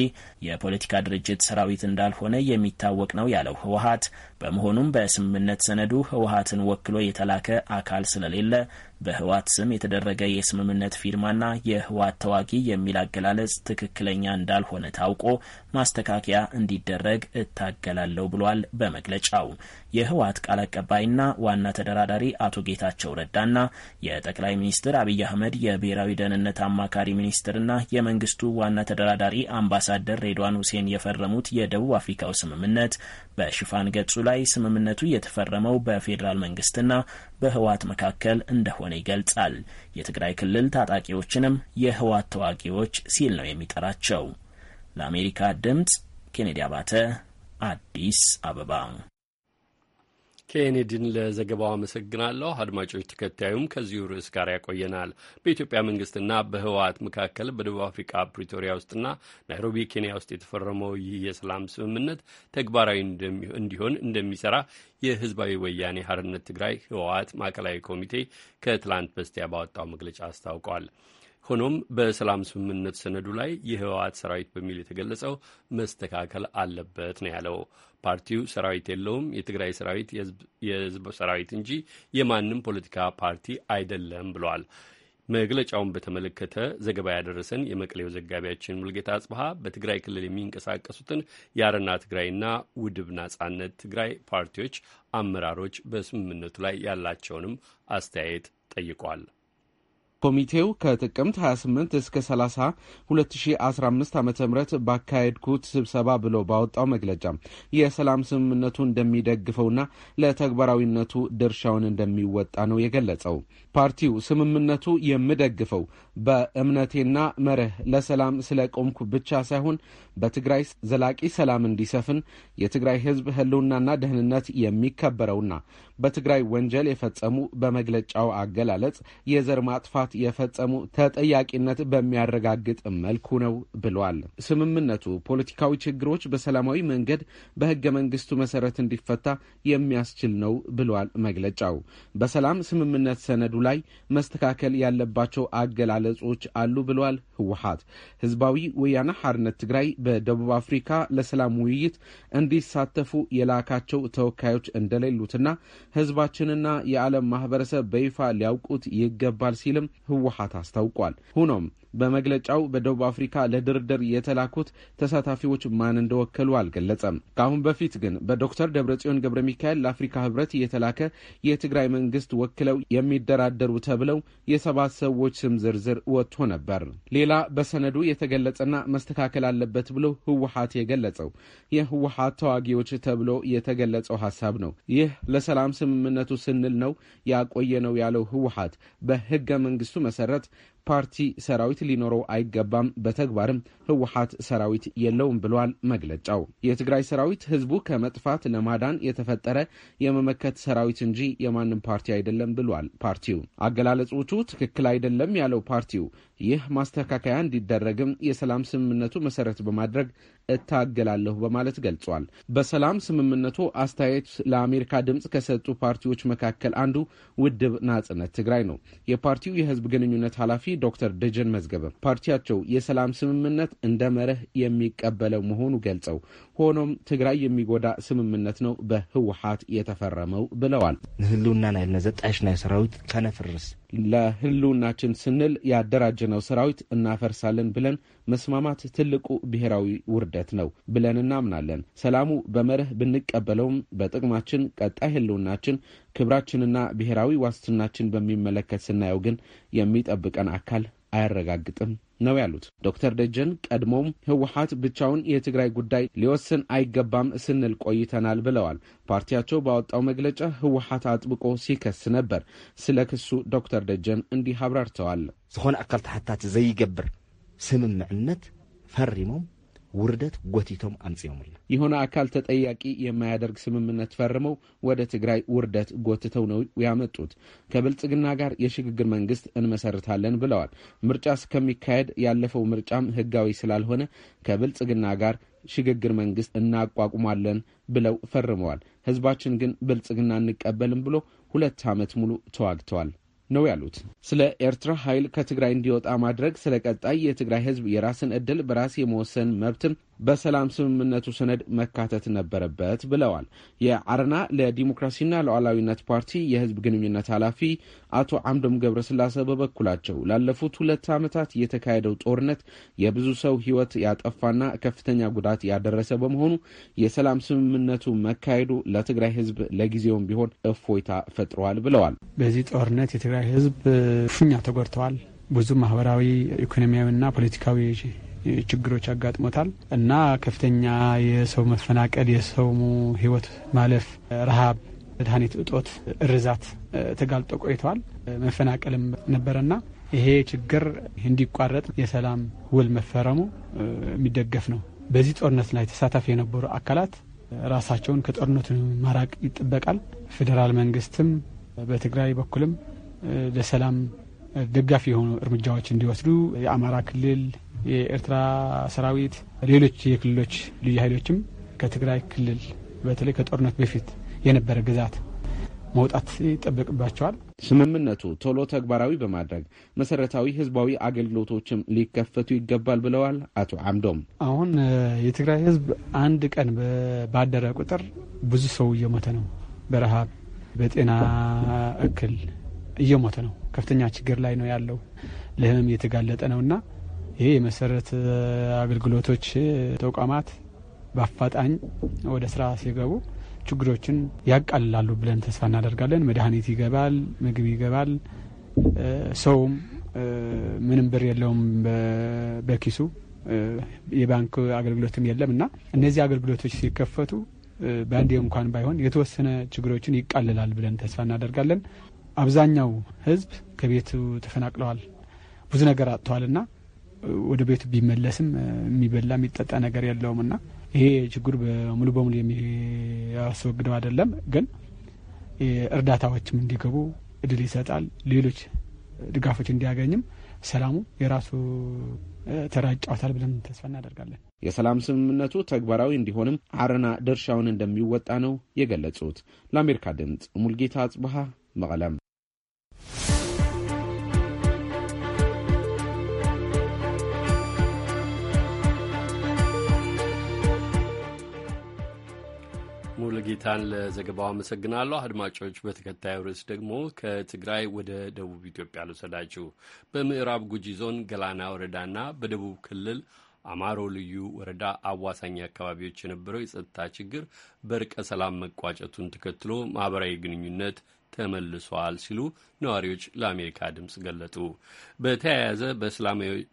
የፖለቲካ ድርጅት ሰራዊት እንዳልሆነ የሚታወቅ ነው ያለው ህወሀት በመሆኑም በስምምነት ሰነ ሰነዱ ህወሀትን ወክሎ የተላከ አካል ስለሌለ በህዋት ስም የተደረገ የስምምነት ፊርማና የህዋት ተዋጊ የሚል አገላለጽ ትክክለኛ እንዳልሆነ ታውቆ ማስተካከያ እንዲደረግ እታገላለሁ ብሏል። በመግለጫው የህዋት ቃል አቀባይና ዋና ተደራዳሪ አቶ ጌታቸው ረዳና የጠቅላይ ሚኒስትር አብይ አህመድ የብሔራዊ ደህንነት አማካሪ ሚኒስትርና የመንግስቱ ዋና ተደራዳሪ አምባሳደር ሬድዋን ሁሴን የፈረሙት የደቡብ አፍሪካው ስምምነት በሽፋን ገጹ ላይ ስምምነቱ የተፈረመው በፌዴራል መንግስትና በህዋት መካከል እንደሆነ እንደሆነ ይገልጻል። የትግራይ ክልል ታጣቂዎችንም የህወሓት ተዋጊዎች ሲል ነው የሚጠራቸው። ለአሜሪካ ድምጽ ኬኔዲ አባተ አዲስ አበባ ኬኔዲን ለዘገባው አመሰግናለሁ። አድማጮች፣ ተከታዩም ከዚሁ ርዕስ ጋር ያቆየናል። በኢትዮጵያ መንግስትና በህወሓት መካከል በደቡብ አፍሪካ ፕሪቶሪያ ውስጥና ናይሮቢ ኬንያ ውስጥ የተፈረመው ይህ የሰላም ስምምነት ተግባራዊ እንዲሆን እንደሚሰራ የህዝባዊ ወያኔ ሀርነት ትግራይ ህወሓት ማዕከላዊ ኮሚቴ ከትላንት በስቲያ ባወጣው መግለጫ አስታውቋል። ሆኖም በሰላም ስምምነት ሰነዱ ላይ የህወሓት ሰራዊት በሚል የተገለጸው መስተካከል አለበት ነው ያለው። ፓርቲው ሰራዊት የለውም። የትግራይ ሰራዊት የህዝብ ሰራዊት እንጂ የማንም ፖለቲካ ፓርቲ አይደለም ብለዋል። መግለጫውን በተመለከተ ዘገባ ያደረሰን የመቀሌው ዘጋቢያችን ሙልጌታ አጽብሃ በትግራይ ክልል የሚንቀሳቀሱትን የአረና ትግራይና ውድብ ናጻነት ትግራይ ፓርቲዎች አመራሮች በስምምነቱ ላይ ያላቸውንም አስተያየት ጠይቋል። ኮሚቴው ከጥቅምት 28 እስከ 30 2015 ዓ ም ባካሄድኩት ስብሰባ ብሎ ባወጣው መግለጫ የሰላም ስምምነቱ እንደሚደግፈውና ለተግባራዊነቱ ድርሻውን እንደሚወጣ ነው የገለጸው። ፓርቲው ስምምነቱ የምደግፈው በእምነቴና መርህ ለሰላም ስለ ቆምኩ ብቻ ሳይሆን በትግራይ ዘላቂ ሰላም እንዲሰፍን የትግራይ ሕዝብ ህልውናና ደህንነት የሚከበረውና በትግራይ ወንጀል የፈጸሙ በመግለጫው አገላለጽ የዘር ማጥፋት የፈጸሙ ተጠያቂነት በሚያረጋግጥ መልኩ ነው ብሏል። ስምምነቱ ፖለቲካዊ ችግሮች በሰላማዊ መንገድ በህገ መንግስቱ መሰረት እንዲፈታ የሚያስችል ነው ብሏል መግለጫው። በሰላም ስምምነት ሰነዱ ላይ መስተካከል ያለባቸው አገላለጽ አገላለጾች አሉ ብለዋል። ህወሀት ህዝባዊ ወያነ ሐርነት ትግራይ በደቡብ አፍሪካ ለሰላም ውይይት እንዲሳተፉ የላካቸው ተወካዮች እንደሌሉትና ህዝባችንና የዓለም ማህበረሰብ በይፋ ሊያውቁት ይገባል ሲልም ህወሀት አስታውቋል። ሆኖም በመግለጫው በደቡብ አፍሪካ ለድርድር የተላኩት ተሳታፊዎች ማን እንደወከሉ አልገለጸም። ከአሁን በፊት ግን በዶክተር ደብረጽዮን ገብረ ሚካኤል ለአፍሪካ ህብረት የተላከ የትግራይ መንግስት ወክለው የሚደራደሩ ተብለው የሰባት ሰዎች ስም ዝርዝር ወጥቶ ነበር። ሌላ በሰነዱ የተገለጸና መስተካከል አለበት ብሎ ህወሀት የገለጸው የህወሓት ተዋጊዎች ተብሎ የተገለጸው ሀሳብ ነው። ይህ ለሰላም ስምምነቱ ስንል ነው ያቆየ ነው ያለው ህወሀት በህገ መንግስቱ መሰረት ፓርቲ ሰራዊት ሊኖረው አይገባም፣ በተግባርም ህወሓት ሰራዊት የለውም ብሏል መግለጫው። የትግራይ ሰራዊት ህዝቡ ከመጥፋት ለማዳን የተፈጠረ የመመከት ሰራዊት እንጂ የማንም ፓርቲ አይደለም ብሏል ፓርቲው። አገላለጾቹ ትክክል አይደለም ያለው ፓርቲው ይህ ማስተካከያ እንዲደረግም የሰላም ስምምነቱ መሰረት በማድረግ እታገላለሁ በማለት ገልጿል። በሰላም ስምምነቱ አስተያየት ለአሜሪካ ድምፅ ከሰጡ ፓርቲዎች መካከል አንዱ ውድብ ናጽነት ትግራይ ነው። የፓርቲው የህዝብ ግንኙነት ኃላፊ ዶክተር ደጀን መዝገበ ፓርቲያቸው የሰላም ስምምነት እንደ መርህ የሚቀበለው መሆኑ ገልጸው ሆኖም ትግራይ የሚጎዳ ስምምነት ነው በህወሓት የተፈረመው ብለዋል። ንህልውና ናይልና ዘጣሽ ናይ ሰራዊት ከነፍርስ ለህልውናችን ስንል ያደራጀነው ሰራዊት እናፈርሳለን ብለን መስማማት ትልቁ ብሔራዊ ውርደት ነው ብለን እናምናለን። ሰላሙ በመርህ ብንቀበለውም በጥቅማችን ቀጣይ ህልውናችን፣ ክብራችንና ብሔራዊ ዋስትናችን በሚመለከት ስናየው ግን የሚጠብቀን አካል አያረጋግጥም ነው ያሉት ዶክተር ደጀን ቀድሞም ህወሀት ብቻውን የትግራይ ጉዳይ ሊወስን አይገባም ስንል ቆይተናል ብለዋል። ፓርቲያቸው ባወጣው መግለጫ ህወሀት አጥብቆ ሲከስ ነበር። ስለ ክሱ ዶክተር ደጀን እንዲህ አብራርተዋል። ዝኾነ አካል ተሓታች ዘይገብር ስምምዕነት ፈሪሞም ውርደት ጎቲቶም አምጽዮሙልና የሆነ አካል ተጠያቂ የማያደርግ ስምምነት ፈርመው ወደ ትግራይ ውርደት ጎትተው ነው ያመጡት። ከብልጽግና ጋር የሽግግር መንግስት እንመሰርታለን ብለዋል። ምርጫ እስከሚካሄድ ያለፈው ምርጫም ህጋዊ ስላልሆነ ከብልጽግና ጋር ሽግግር መንግስት እናቋቁማለን ብለው ፈርመዋል። ህዝባችን ግን ብልጽግና እንቀበልም ብሎ ሁለት ዓመት ሙሉ ተዋግተዋል። ነው ያሉት። ስለ ኤርትራ ኃይል ከትግራይ እንዲወጣ ማድረግ፣ ስለ ቀጣይ የትግራይ ህዝብ የራስን እድል በራስ የመወሰን መብትም በሰላም ስምምነቱ ሰነድ መካተት ነበረበት ብለዋል። የአረና ለዲሞክራሲና ለሉዓላዊነት ፓርቲ የህዝብ ግንኙነት ኃላፊ አቶ አምዶም ገብረስላሴ በበኩላቸው ላለፉት ሁለት ዓመታት የተካሄደው ጦርነት የብዙ ሰው ህይወት ያጠፋና ከፍተኛ ጉዳት ያደረሰ በመሆኑ የሰላም ስምምነቱ መካሄዱ ለትግራይ ህዝብ ለጊዜውም ቢሆን እፎይታ ፈጥረዋል ብለዋል። በዚህ ጦርነት የትግራይ ህዝብ ክፉኛ ተጎድተዋል። ብዙ ማህበራዊ ኢኮኖሚያዊና ፖለቲካዊ ችግሮች አጋጥሞታል እና ከፍተኛ የሰው መፈናቀል፣ የሰው ህይወት ማለፍ፣ ረሃብ፣ መድኃኒት እጦት፣ እርዛት ተጋልጦ ቆይተዋል። መፈናቀልም ነበረና ይሄ ችግር እንዲቋረጥ የሰላም ውል መፈረሙ የሚደገፍ ነው። በዚህ ጦርነት ላይ ተሳታፊ የነበሩ አካላት ራሳቸውን ከጦርነቱ ማራቅ ይጠበቃል። ፌዴራል መንግስትም በትግራይ በኩልም ለሰላም ደጋፊ የሆኑ እርምጃዎች እንዲወስዱ የአማራ ክልል፣ የኤርትራ ሰራዊት፣ ሌሎች የክልሎች ልዩ ኃይሎችም ከትግራይ ክልል በተለይ ከጦርነት በፊት የነበረ ግዛት መውጣት ይጠበቅባቸዋል። ስምምነቱ ቶሎ ተግባራዊ በማድረግ መሰረታዊ ህዝባዊ አገልግሎቶችም ሊከፈቱ ይገባል ብለዋል አቶ አምዶም። አሁን የትግራይ ህዝብ አንድ ቀን ባደረ ቁጥር ብዙ ሰው እየሞተ ነው። በረሃብ በጤና እክል እየሞተ ነው። ከፍተኛ ችግር ላይ ነው ያለው። ለህመም እየተጋለጠ ነው ና ይህ የመሰረት አገልግሎቶች ተቋማት በአፋጣኝ ወደ ስራ ሲገቡ ችግሮችን ያቃልላሉ ብለን ተስፋ እናደርጋለን። መድኃኒት ይገባል፣ ምግብ ይገባል። ሰውም ምንም ብር የለውም በኪሱ የባንክ አገልግሎትም የለም እና እነዚህ አገልግሎቶች ሲከፈቱ በአንዴ እንኳን ባይሆን የተወሰነ ችግሮችን ይቃልላል ብለን ተስፋ እናደርጋለን። አብዛኛው ህዝብ ከቤቱ ተፈናቅለዋል፣ ብዙ ነገር አጥተዋልና ወደ ቤቱ ቢመለስም የሚበላ የሚጠጣ ነገር የለውም እና ይሄ ችግር በሙሉ በሙሉ የሚያስወግደው አይደለም፣ ግን እርዳታዎችም እንዲገቡ እድል ይሰጣል። ሌሎች ድጋፎች እንዲያገኝም ሰላሙ የራሱ ተራጫውታል ብለን ተስፋ እናደርጋለን። የሰላም ስምምነቱ ተግባራዊ እንዲሆንም አረና ድርሻውን እንደሚወጣ ነው የገለጹት። ለአሜሪካ ድምፅ ሙልጌታ አጽብሃ መቀለም ሙሉጌታን ጌታን ለዘገባው አመሰግናለሁ። አድማጮች፣ በተከታዩ ርዕስ ደግሞ ከትግራይ ወደ ደቡብ ኢትዮጵያ ልውሰዳችሁ። በምዕራብ ጉጂ ዞን ገላና ወረዳና በደቡብ ክልል አማሮ ልዩ ወረዳ አዋሳኝ አካባቢዎች የነበረው የጸጥታ ችግር በእርቀ ሰላም መቋጨቱን ተከትሎ ማህበራዊ ግንኙነት ተመልሷል ሲሉ ነዋሪዎች ለአሜሪካ ድምፅ ገለጡ። በተያያዘ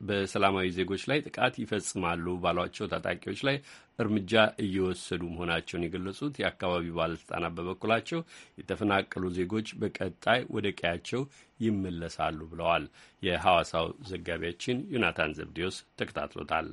በሰላማዊ ዜጎች ላይ ጥቃት ይፈጽማሉ ባሏቸው ታጣቂዎች ላይ እርምጃ እየወሰዱ መሆናቸውን የገለጹት የአካባቢው ባለስልጣናት በበኩላቸው የተፈናቀሉ ዜጎች በቀጣይ ወደ ቀያቸው ይመለሳሉ ብለዋል። የሐዋሳው ዘጋቢያችን ዮናታን ዘብዲዮስ ተከታትሎታል።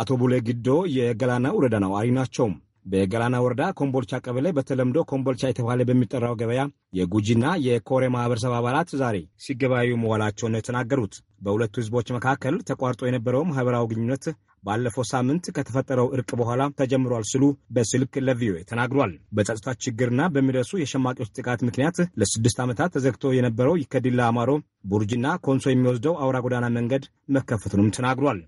አቶ ቡሌ ግዶ የገላና ወረዳ ነዋሪ ናቸው። በገላና ወረዳ ኮምቦልቻ ቀበሌ በተለምዶ ኮምቦልቻ የተባለ በሚጠራው ገበያ የጉጂና የኮሬ ማህበረሰብ አባላት ዛሬ ሲገበያዩ መዋላቸውን የተናገሩት። በሁለቱ ህዝቦች መካከል ተቋርጦ የነበረው ማህበራዊ ግንኙነት ባለፈው ሳምንት ከተፈጠረው እርቅ በኋላ ተጀምሯል ሲሉ በስልክ ለቪኦኤ ተናግሯል። በጸጥታ ችግርና በሚደርሱ የሸማቂዎች ጥቃት ምክንያት ለስድስት ዓመታት ተዘግቶ የነበረው ከዲላ አማሮ ቡርጅና ኮንሶ የሚወስደው አውራ ጎዳና መንገድ መከፈቱንም ተናግሯል።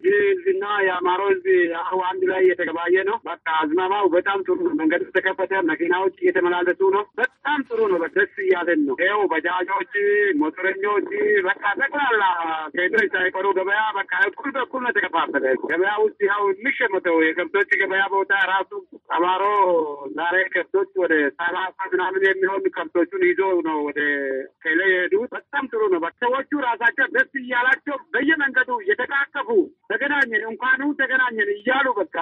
የአማሮ ህዝብ አሁ አንድ ላይ የተገባየ ነው። በቃ አዝማማው በጣም ጥሩ ነው። መንገዱ ተከፈተ፣ መኪናዎች እየተመላለሱ ነው። በጣም ጥሩ ነው። ደስ እያለን ነው። ይኸው በጃጆች፣ ሞተረኞች በቃ ጠቅላላ ከድረ ሳይቆሩ ገበያ በቃ እኩል በኩል ነው ተከፋፈለ። ገበያ ውስጥ ያው የሚሸመተው የከብቶች ገበያ ቦታ ራሱ አማሮ ዛሬ ከብቶች ወደ ሰላሳ ምናምን የሚሆን ከብቶቹን ይዞ ነው ወደ ከለ የሄዱት። በጣም ጥሩ ነው። ሰዎቹ ራሳቸው ደስ እያላቸው በየመንገዱ እየተቃቀፉ ተገናኘን እንኳኑ ተገናኘን እያሉ በቃ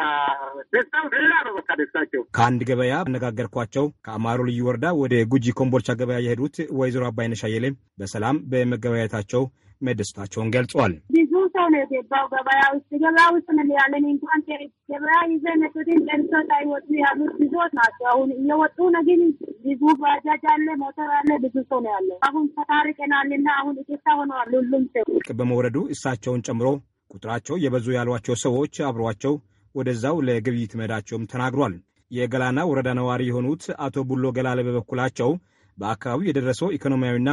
ደስታው ሌላ ነው። በቃ ደስታቸው ከአንድ ገበያ አነጋገርኳቸው። ከአማሮ ልዩ ወረዳ ወደ ጉጂ ኮምቦልቻ ገበያ የሄዱት ወይዘሮ አባይነሻ አየለ በሰላም በመገበያየታቸው መደሰታቸውን ገልጸዋል። ብዙ ሰው ነው የገባው ገበያ ውስጥ ገበያ ውስጥ ምን ያለን። እንኳን ገበያ ይዘ ቱትን ደርሶ ሳይወጡ ያሉት ብዙዎች ናቸው። አሁን እየወጡ ነው፣ ግን ብዙ ባጃጅ አለ፣ ሞተር አለ፣ ብዙ ሰው ነው ያለው። አሁን ተታርቀናልና አሁን ይቅርታ ሆነዋል ሁሉም ሰው በመውረዱ እሳቸውን ጨምሮ ቁጥራቸው የበዙ ያሏቸው ሰዎች አብሯቸው ወደዛው ለግብይት መሄዳቸውም ተናግሯል። የገላና ወረዳ ነዋሪ የሆኑት አቶ ቡሎ ገላለ በበኩላቸው በአካባቢው የደረሰው ኢኮኖሚያዊና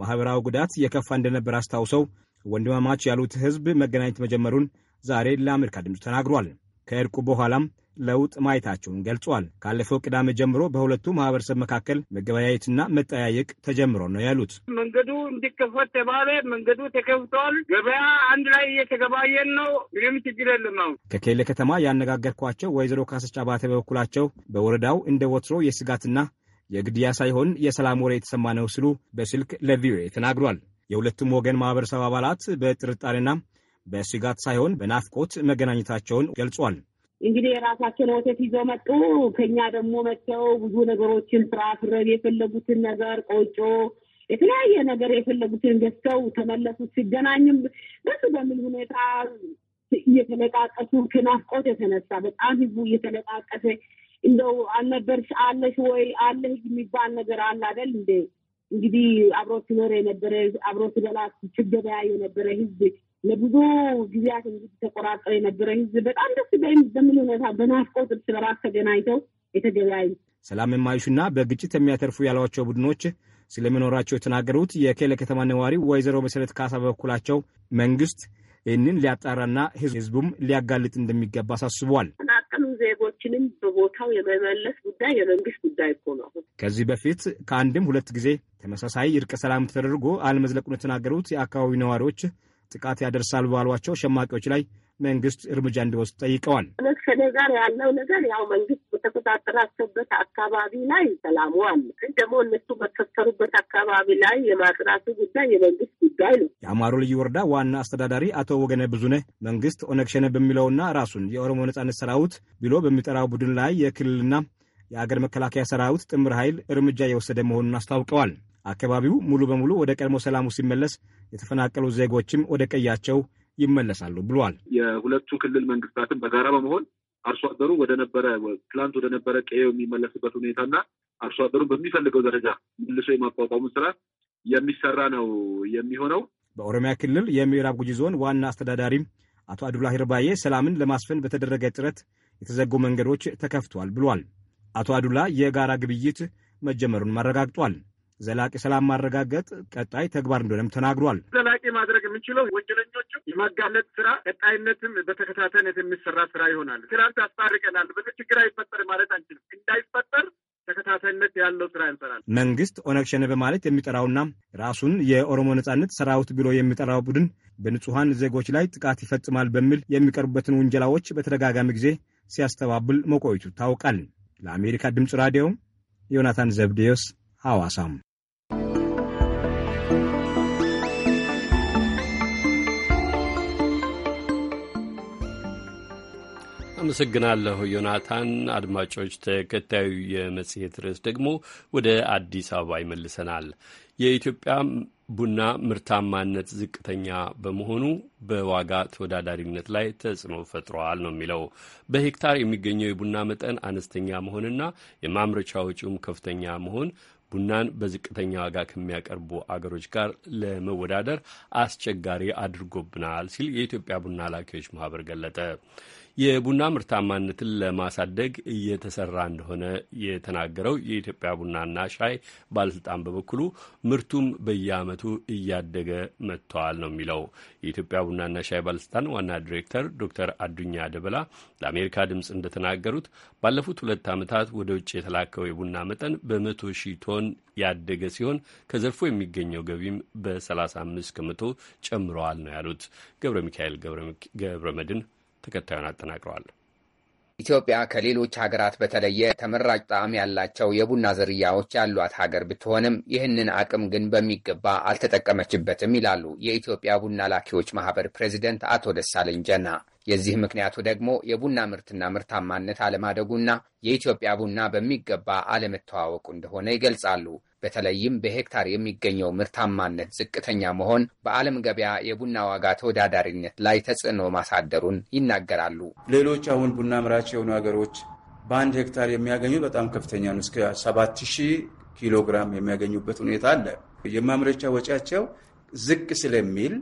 ማህበራዊ ጉዳት የከፋ እንደነበር አስታውሰው ወንድማማች ያሉት ህዝብ መገናኘት መጀመሩን ዛሬ ለአሜሪካ ድምፅ ተናግሯል። ከእርቁ በኋላም ለውጥ ማየታቸውን ገልጿል። ካለፈው ቅዳሜ ጀምሮ በሁለቱ ማህበረሰብ መካከል መገበያየትና መጠያየቅ ተጀምሮ ነው ያሉት። መንገዱ እንዲከፈት ተባለ። መንገዱ ተከፍቷል። ገበያ አንድ ላይ እየተገባየን ነው። ምንም ችግር የለም። አሁን ከኬለ ከተማ ያነጋገርኳቸው ወይዘሮ ካሰች አባተ በበኩላቸው በወረዳው እንደ ወትሮ የስጋትና የግድያ ሳይሆን የሰላም ወሬ የተሰማ ነው ሲሉ በስልክ ለቪኦኤ ተናግሯል። የሁለቱም ወገን ማህበረሰብ አባላት በጥርጣሬና በስጋት ሳይሆን በናፍቆት መገናኘታቸውን ገልጿል። እንግዲህ የራሳቸውን ወተት ይዘው መጡ። ከኛ ደግሞ መጥተው ብዙ ነገሮችን ፍራፍሬ፣ የፈለጉትን ነገር ቆጮ፣ የተለያየ ነገር የፈለጉትን ገዝተው ተመለሱ። ሲገናኝም በሱ በምን ሁኔታ እየተለቃቀሱ ከናፍቆት የተነሳ በጣም ህዝቡ እየተለቃቀሰ እንደው አልነበርሽ አለሽ ወይ አለህ የሚባል ነገር አለ አይደል እንዴ? እንግዲህ አብሮ ሲኖር የነበረ አብሮ ሲበላ ሲገበያ የነበረ ህዝብ ለብዙ ጊዜያት እንግዲህ ተቆራርጠው የነበረ ህዝብ በጣም ደስ በሚል ሁኔታ በናፍቆት እርስ በራስ ተገናኝተው የተገበያዩ ሰላም የማይሹና በግጭት የሚያተርፉ ያሏቸው ቡድኖች ስለመኖራቸው የተናገሩት የኬለ ከተማ ነዋሪ ወይዘሮ መሰረት ካሳ በበኩላቸው መንግስት ይህንን ሊያጣራና ህዝቡም ሊያጋልጥ እንደሚገባ አሳስቧል። ተፈናቀሉ ዜጎችንም በቦታው የመመለስ ጉዳይ የመንግስት ጉዳይ እኮ ነው። ከዚህ በፊት ከአንድም ሁለት ጊዜ ተመሳሳይ እርቀ ሰላም ተደርጎ አለመዝለቁን የተናገሩት የአካባቢ ነዋሪዎች ጥቃት ያደርሳል ባሏቸው ሸማቂዎች ላይ መንግስት እርምጃ እንዲወስድ ጠይቀዋል። ከኔ ጋር ያለው ነገር ያው መንግስት በተቆጣጠራቸውበት አካባቢ ላይ ሰላሙ አለ፣ ግን ደግሞ እነሱ በተፈሰሩበት አካባቢ ላይ የማጥራቱ ጉዳይ የመንግስት ጉዳይ ነው። የአማሮ ልዩ ወረዳ ዋና አስተዳዳሪ አቶ ወገነ ብዙነ መንግስት ኦነግ በሚለውና ራሱን የኦሮሞ ነጻነት ሰራዊት ብሎ በሚጠራው ቡድን ላይ የክልልና የአገር መከላከያ ሰራዊት ጥምር ኃይል እርምጃ የወሰደ መሆኑን አስታውቀዋል። አካባቢው ሙሉ በሙሉ ወደ ቀድሞ ሰላሙ ሲመለስ የተፈናቀሉ ዜጎችም ወደ ቀያቸው ይመለሳሉ ብሏል። የሁለቱን ክልል መንግስታትን በጋራ በመሆን አርሶ አደሩ ወደነበረ ትላንት ወደነበረ ቀዬው የሚመለስበት ሁኔታና አርሶ አደሩ በሚፈልገው ደረጃ መልሶ የማቋቋሙ ስራ የሚሰራ ነው የሚሆነው። በኦሮሚያ ክልል የምዕራብ ጉጂ ዞን ዋና አስተዳዳሪም አቶ አዱላ ሂርባዬ ሰላምን ለማስፈን በተደረገ ጥረት የተዘጉ መንገዶች ተከፍቷል ብሏል። አቶ አዱላ የጋራ ግብይት መጀመሩን ማረጋግጧል። ዘላቂ ሰላም ማረጋገጥ ቀጣይ ተግባር እንደሆነም ተናግሯል። ዘላቂ ማድረግ የምንችለው ወንጀለኞቹ የማጋለጥ ስራ ቀጣይነትም በተከታታይነት የሚሰራ ስራ ይሆናል። ትናንት አስታርቀናል፣ ችግር አይፈጠር ማለት አንችልም። እንዳይፈጠር ተከታታይነት ያለው ስራ እንሰራል። መንግስት ኦነግ ሸኔ በማለት የሚጠራውና ራሱን የኦሮሞ ነጻነት ሰራዊት ብሎ የሚጠራው ቡድን በንጹሐን ዜጎች ላይ ጥቃት ይፈጽማል በሚል የሚቀርቡበትን ውንጀላዎች በተደጋጋሚ ጊዜ ሲያስተባብል መቆይቱ ታውቃል። ለአሜሪካ ድምፅ ራዲዮ ዮናታን ዘብዴዮስ ሐዋሳም አመሰግናለሁ ዮናታን። አድማጮች፣ ተከታዩ የመጽሔት ርዕስ ደግሞ ወደ አዲስ አበባ ይመልሰናል። የኢትዮጵያ ቡና ምርታማነት ዝቅተኛ በመሆኑ በዋጋ ተወዳዳሪነት ላይ ተጽዕኖ ፈጥሯል ነው የሚለው። በሄክታር የሚገኘው የቡና መጠን አነስተኛ መሆንና የማምረቻ ወጪውም ከፍተኛ መሆን ቡናን በዝቅተኛ ዋጋ ከሚያቀርቡ አገሮች ጋር ለመወዳደር አስቸጋሪ አድርጎብናል ሲል የኢትዮጵያ ቡና ላኪዎች ማህበር ገለጠ። የቡና ምርታማነትን ለማሳደግ እየተሰራ እንደሆነ የተናገረው የኢትዮጵያ ቡናና ሻይ ባለስልጣን በበኩሉ ምርቱም በየዓመቱ እያደገ መጥተዋል ነው የሚለው። የኢትዮጵያ ቡናና ሻይ ባለስልጣን ዋና ዲሬክተር ዶክተር አዱኛ ደበላ ለአሜሪካ ድምፅ እንደተናገሩት ባለፉት ሁለት ዓመታት ወደ ውጭ የተላከው የቡና መጠን በመቶ ሺህ ቶን ያደገ ሲሆን ከዘርፉ የሚገኘው ገቢም በ35 ከመቶ ጨምረዋል ነው ያሉት። ገብረ ሚካኤል ገብረ መድን ተከታዩን አጠናቅረዋል። ኢትዮጵያ ከሌሎች ሀገራት በተለየ ተመራጭ ጣዕም ያላቸው የቡና ዝርያዎች ያሏት ሀገር ብትሆንም ይህንን አቅም ግን በሚገባ አልተጠቀመችበትም ይላሉ የኢትዮጵያ ቡና ላኪዎች ማህበር ፕሬዚደንት አቶ ደሳለኝ ጀና። የዚህ ምክንያቱ ደግሞ የቡና ምርትና ምርታማነት አለማደጉና የኢትዮጵያ ቡና በሚገባ አለመተዋወቁ እንደሆነ ይገልጻሉ። በተለይም በሄክታር የሚገኘው ምርታማነት ዝቅተኛ መሆን በዓለም ገበያ የቡና ዋጋ ተወዳዳሪነት ላይ ተጽዕኖ ማሳደሩን ይናገራሉ። ሌሎች አሁን ቡና አምራች የሆኑ ሀገሮች በአንድ ሄክታር የሚያገኙት በጣም ከፍተኛ ነው። እስከ 7000 ኪሎ ግራም የሚያገኙበት ሁኔታ አለ። የማምረቻ ወጪያቸው ዝቅ ስለሚል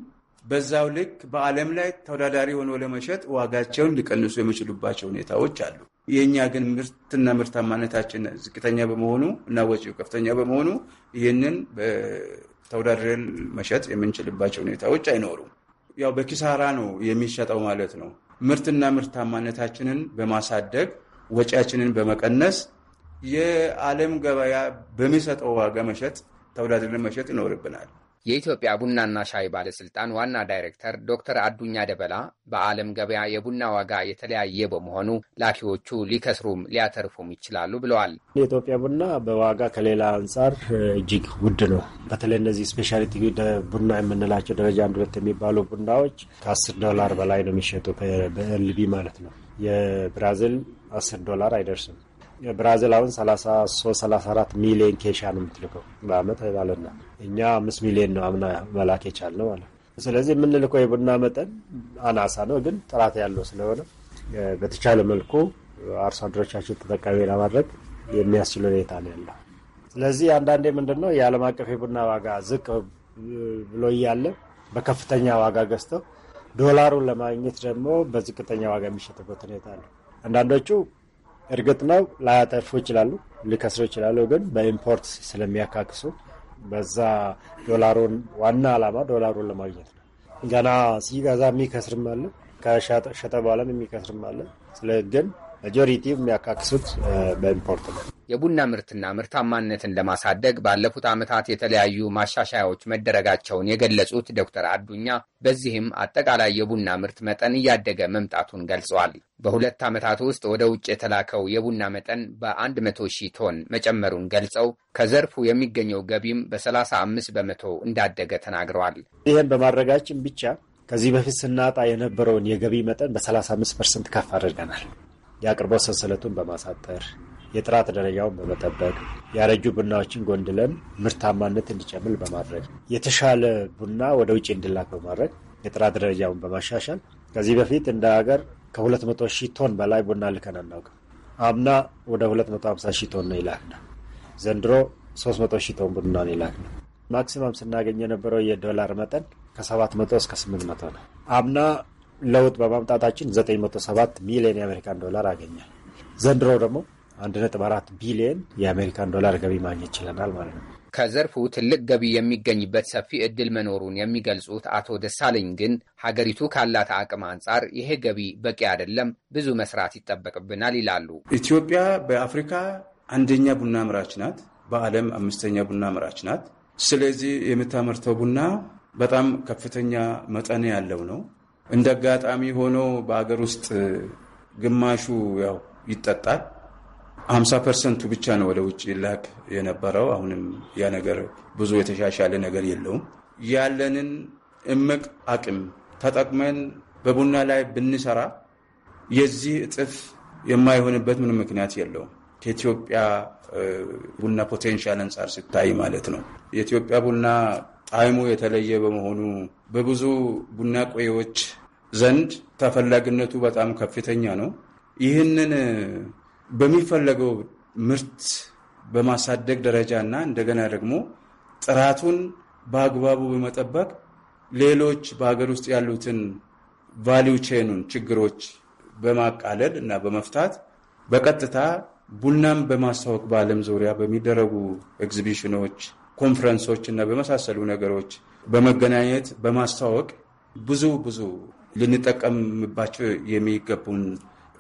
በዛው ልክ በዓለም ላይ ተወዳዳሪ ሆኖ ለመሸጥ ዋጋቸውን ሊቀንሱ የሚችሉባቸው ሁኔታዎች አሉ። የእኛ ግን ምርትና ምርታማነታችን ዝቅተኛ በመሆኑ እና ወጪው ከፍተኛ በመሆኑ ይህንን ተወዳድረን መሸጥ የምንችልባቸው ሁኔታዎች አይኖሩም። ያው በኪሳራ ነው የሚሸጠው ማለት ነው። ምርትና ምርታማነታችንን በማሳደግ ወጪያችንን በመቀነስ የዓለም ገበያ በሚሰጠው ዋጋ መሸጥ ተወዳድረን መሸጥ ይኖርብናል። የኢትዮጵያ ቡናና ሻይ ባለስልጣን ዋና ዳይሬክተር ዶክተር አዱኛ ደበላ በዓለም ገበያ የቡና ዋጋ የተለያየ በመሆኑ ላኪዎቹ ሊከስሩም ሊያተርፉም ይችላሉ ብለዋል። የኢትዮጵያ ቡና በዋጋ ከሌላ አንጻር እጅግ ውድ ነው። በተለይ እነዚህ ስፔሻሊቲ ቡና የምንላቸው ደረጃ አንድ ሁለት የሚባሉ ቡናዎች ከአስር ዶላር በላይ ነው የሚሸጡ በኤልቢ ማለት ነው። የብራዚል አስር ዶላር አይደርስም። ብራዚል አሁን 33 34 ሚሊዮን ኬሻ ነው የምትልከው በአመት ባለና እኛ አምስት ሚሊዮን ነው አምና መላክ የቻልነው ማለት ነው። ስለዚህ የምንልከው የቡና መጠን አናሳ ነው፣ ግን ጥራት ያለው ስለሆነ በተቻለ መልኩ አርሶ አደሮቻችን ተጠቃሚ ለማድረግ የሚያስችል ሁኔታ ነው ያለው። ስለዚህ አንዳንዴ ምንድን ነው የዓለም አቀፍ የቡና ዋጋ ዝቅ ብሎ እያለ በከፍተኛ ዋጋ ገዝተው ዶላሩን ለማግኘት ደግሞ በዝቅተኛ ዋጋ የሚሸጥበት ሁኔታ ነው። አንዳንዶቹ እርግጥ ነው ላያጠፉ ይችላሉ፣ ሊከስሩ ይችላሉ። ግን በኢምፖርት ስለሚያካክሱ በዛ ዶላሩን ዋና ዓላማ ዶላሩን ለማግኘት ነው። ገና ሲገዛ የሚከስርም አለ፣ ከሸጠ በኋላም የሚከስርም አለ። ስለ ግን መጆሪቲ የሚያካክሱት በኢምፖርት ነው። የቡና ምርትና ምርታማነትን ለማሳደግ ባለፉት ዓመታት የተለያዩ ማሻሻያዎች መደረጋቸውን የገለጹት ዶክተር አዱኛ በዚህም አጠቃላይ የቡና ምርት መጠን እያደገ መምጣቱን ገልጸዋል። በሁለት ዓመታት ውስጥ ወደ ውጭ የተላከው የቡና መጠን በ100 ሺህ ቶን መጨመሩን ገልጸው ከዘርፉ የሚገኘው ገቢም በ35 በመቶ እንዳደገ ተናግረዋል። ይህን በማድረጋችን ብቻ ከዚህ በፊት ስናጣ የነበረውን የገቢ መጠን በ35 ፐርሰንት ከፍ አድርገናል። የአቅርቦት ሰንሰለቱን በማሳጠር የጥራት ደረጃውን በመጠበቅ ያረጁ ቡናዎችን ጎንድለን ምርታማነት እንዲጨምር በማድረግ የተሻለ ቡና ወደ ውጭ እንዲላክ በማድረግ የጥራት ደረጃውን በማሻሻል ከዚህ በፊት እንደ ሀገር ከ200 ሺህ ቶን በላይ ቡና ልከን አናውቅም። አምና ወደ 250 ሺህ ቶን ነው ይላክነው። ዘንድሮ 300 ሺህ ቶን ቡና ነው ይላክነው። ማክሲማም ስናገኝ የነበረው የዶላር መጠን ከ700 እስከ 800 ነው። አምና ለውጥ በማምጣታችን 97 ሚሊዮን የአሜሪካን ዶላር አገኛል። ዘንድሮ ደግሞ 1.4 ቢሊዮን የአሜሪካን ዶላር ገቢ ማግኘት ይችለናል ማለት ነው። ከዘርፉ ትልቅ ገቢ የሚገኝበት ሰፊ እድል መኖሩን የሚገልጹት አቶ ደሳለኝ ግን ሀገሪቱ ካላት አቅም አንጻር ይሄ ገቢ በቂ አይደለም፣ ብዙ መስራት ይጠበቅብናል ይላሉ። ኢትዮጵያ በአፍሪካ አንደኛ ቡና ምራች ናት። በዓለም አምስተኛ ቡና ምራች ናት። ስለዚህ የምታመርተው ቡና በጣም ከፍተኛ መጠን ያለው ነው። እንደ አጋጣሚ ሆኖ በሀገር ውስጥ ግማሹ ያው ይጠጣል። ሀምሳ ፐርሰንቱ ብቻ ነው ወደ ውጭ ላክ የነበረው። አሁንም ያ ነገር ብዙ የተሻሻለ ነገር የለውም። ያለንን እምቅ አቅም ተጠቅመን በቡና ላይ ብንሰራ የዚህ እጥፍ የማይሆንበት ምንም ምክንያት የለውም። ከኢትዮጵያ ቡና ፖቴንሻል አንጻር ሲታይ ማለት ነው። የኢትዮጵያ ቡና ጣዕሙ የተለየ በመሆኑ በብዙ ቡና ቆዎች ዘንድ ተፈላጊነቱ በጣም ከፍተኛ ነው። ይህንን በሚፈለገው ምርት በማሳደግ ደረጃ እና እንደገና ደግሞ ጥራቱን በአግባቡ በመጠበቅ ሌሎች በሀገር ውስጥ ያሉትን ቫሊዩ ቼኑን ችግሮች በማቃለል እና በመፍታት በቀጥታ ቡናን በማስታወቅ በዓለም ዙሪያ በሚደረጉ ኤግዚቢሽኖች ኮንፈረንሶች እና በመሳሰሉ ነገሮች በመገናኘት በማስተዋወቅ ብዙ ብዙ ልንጠቀምባቸው የሚገቡን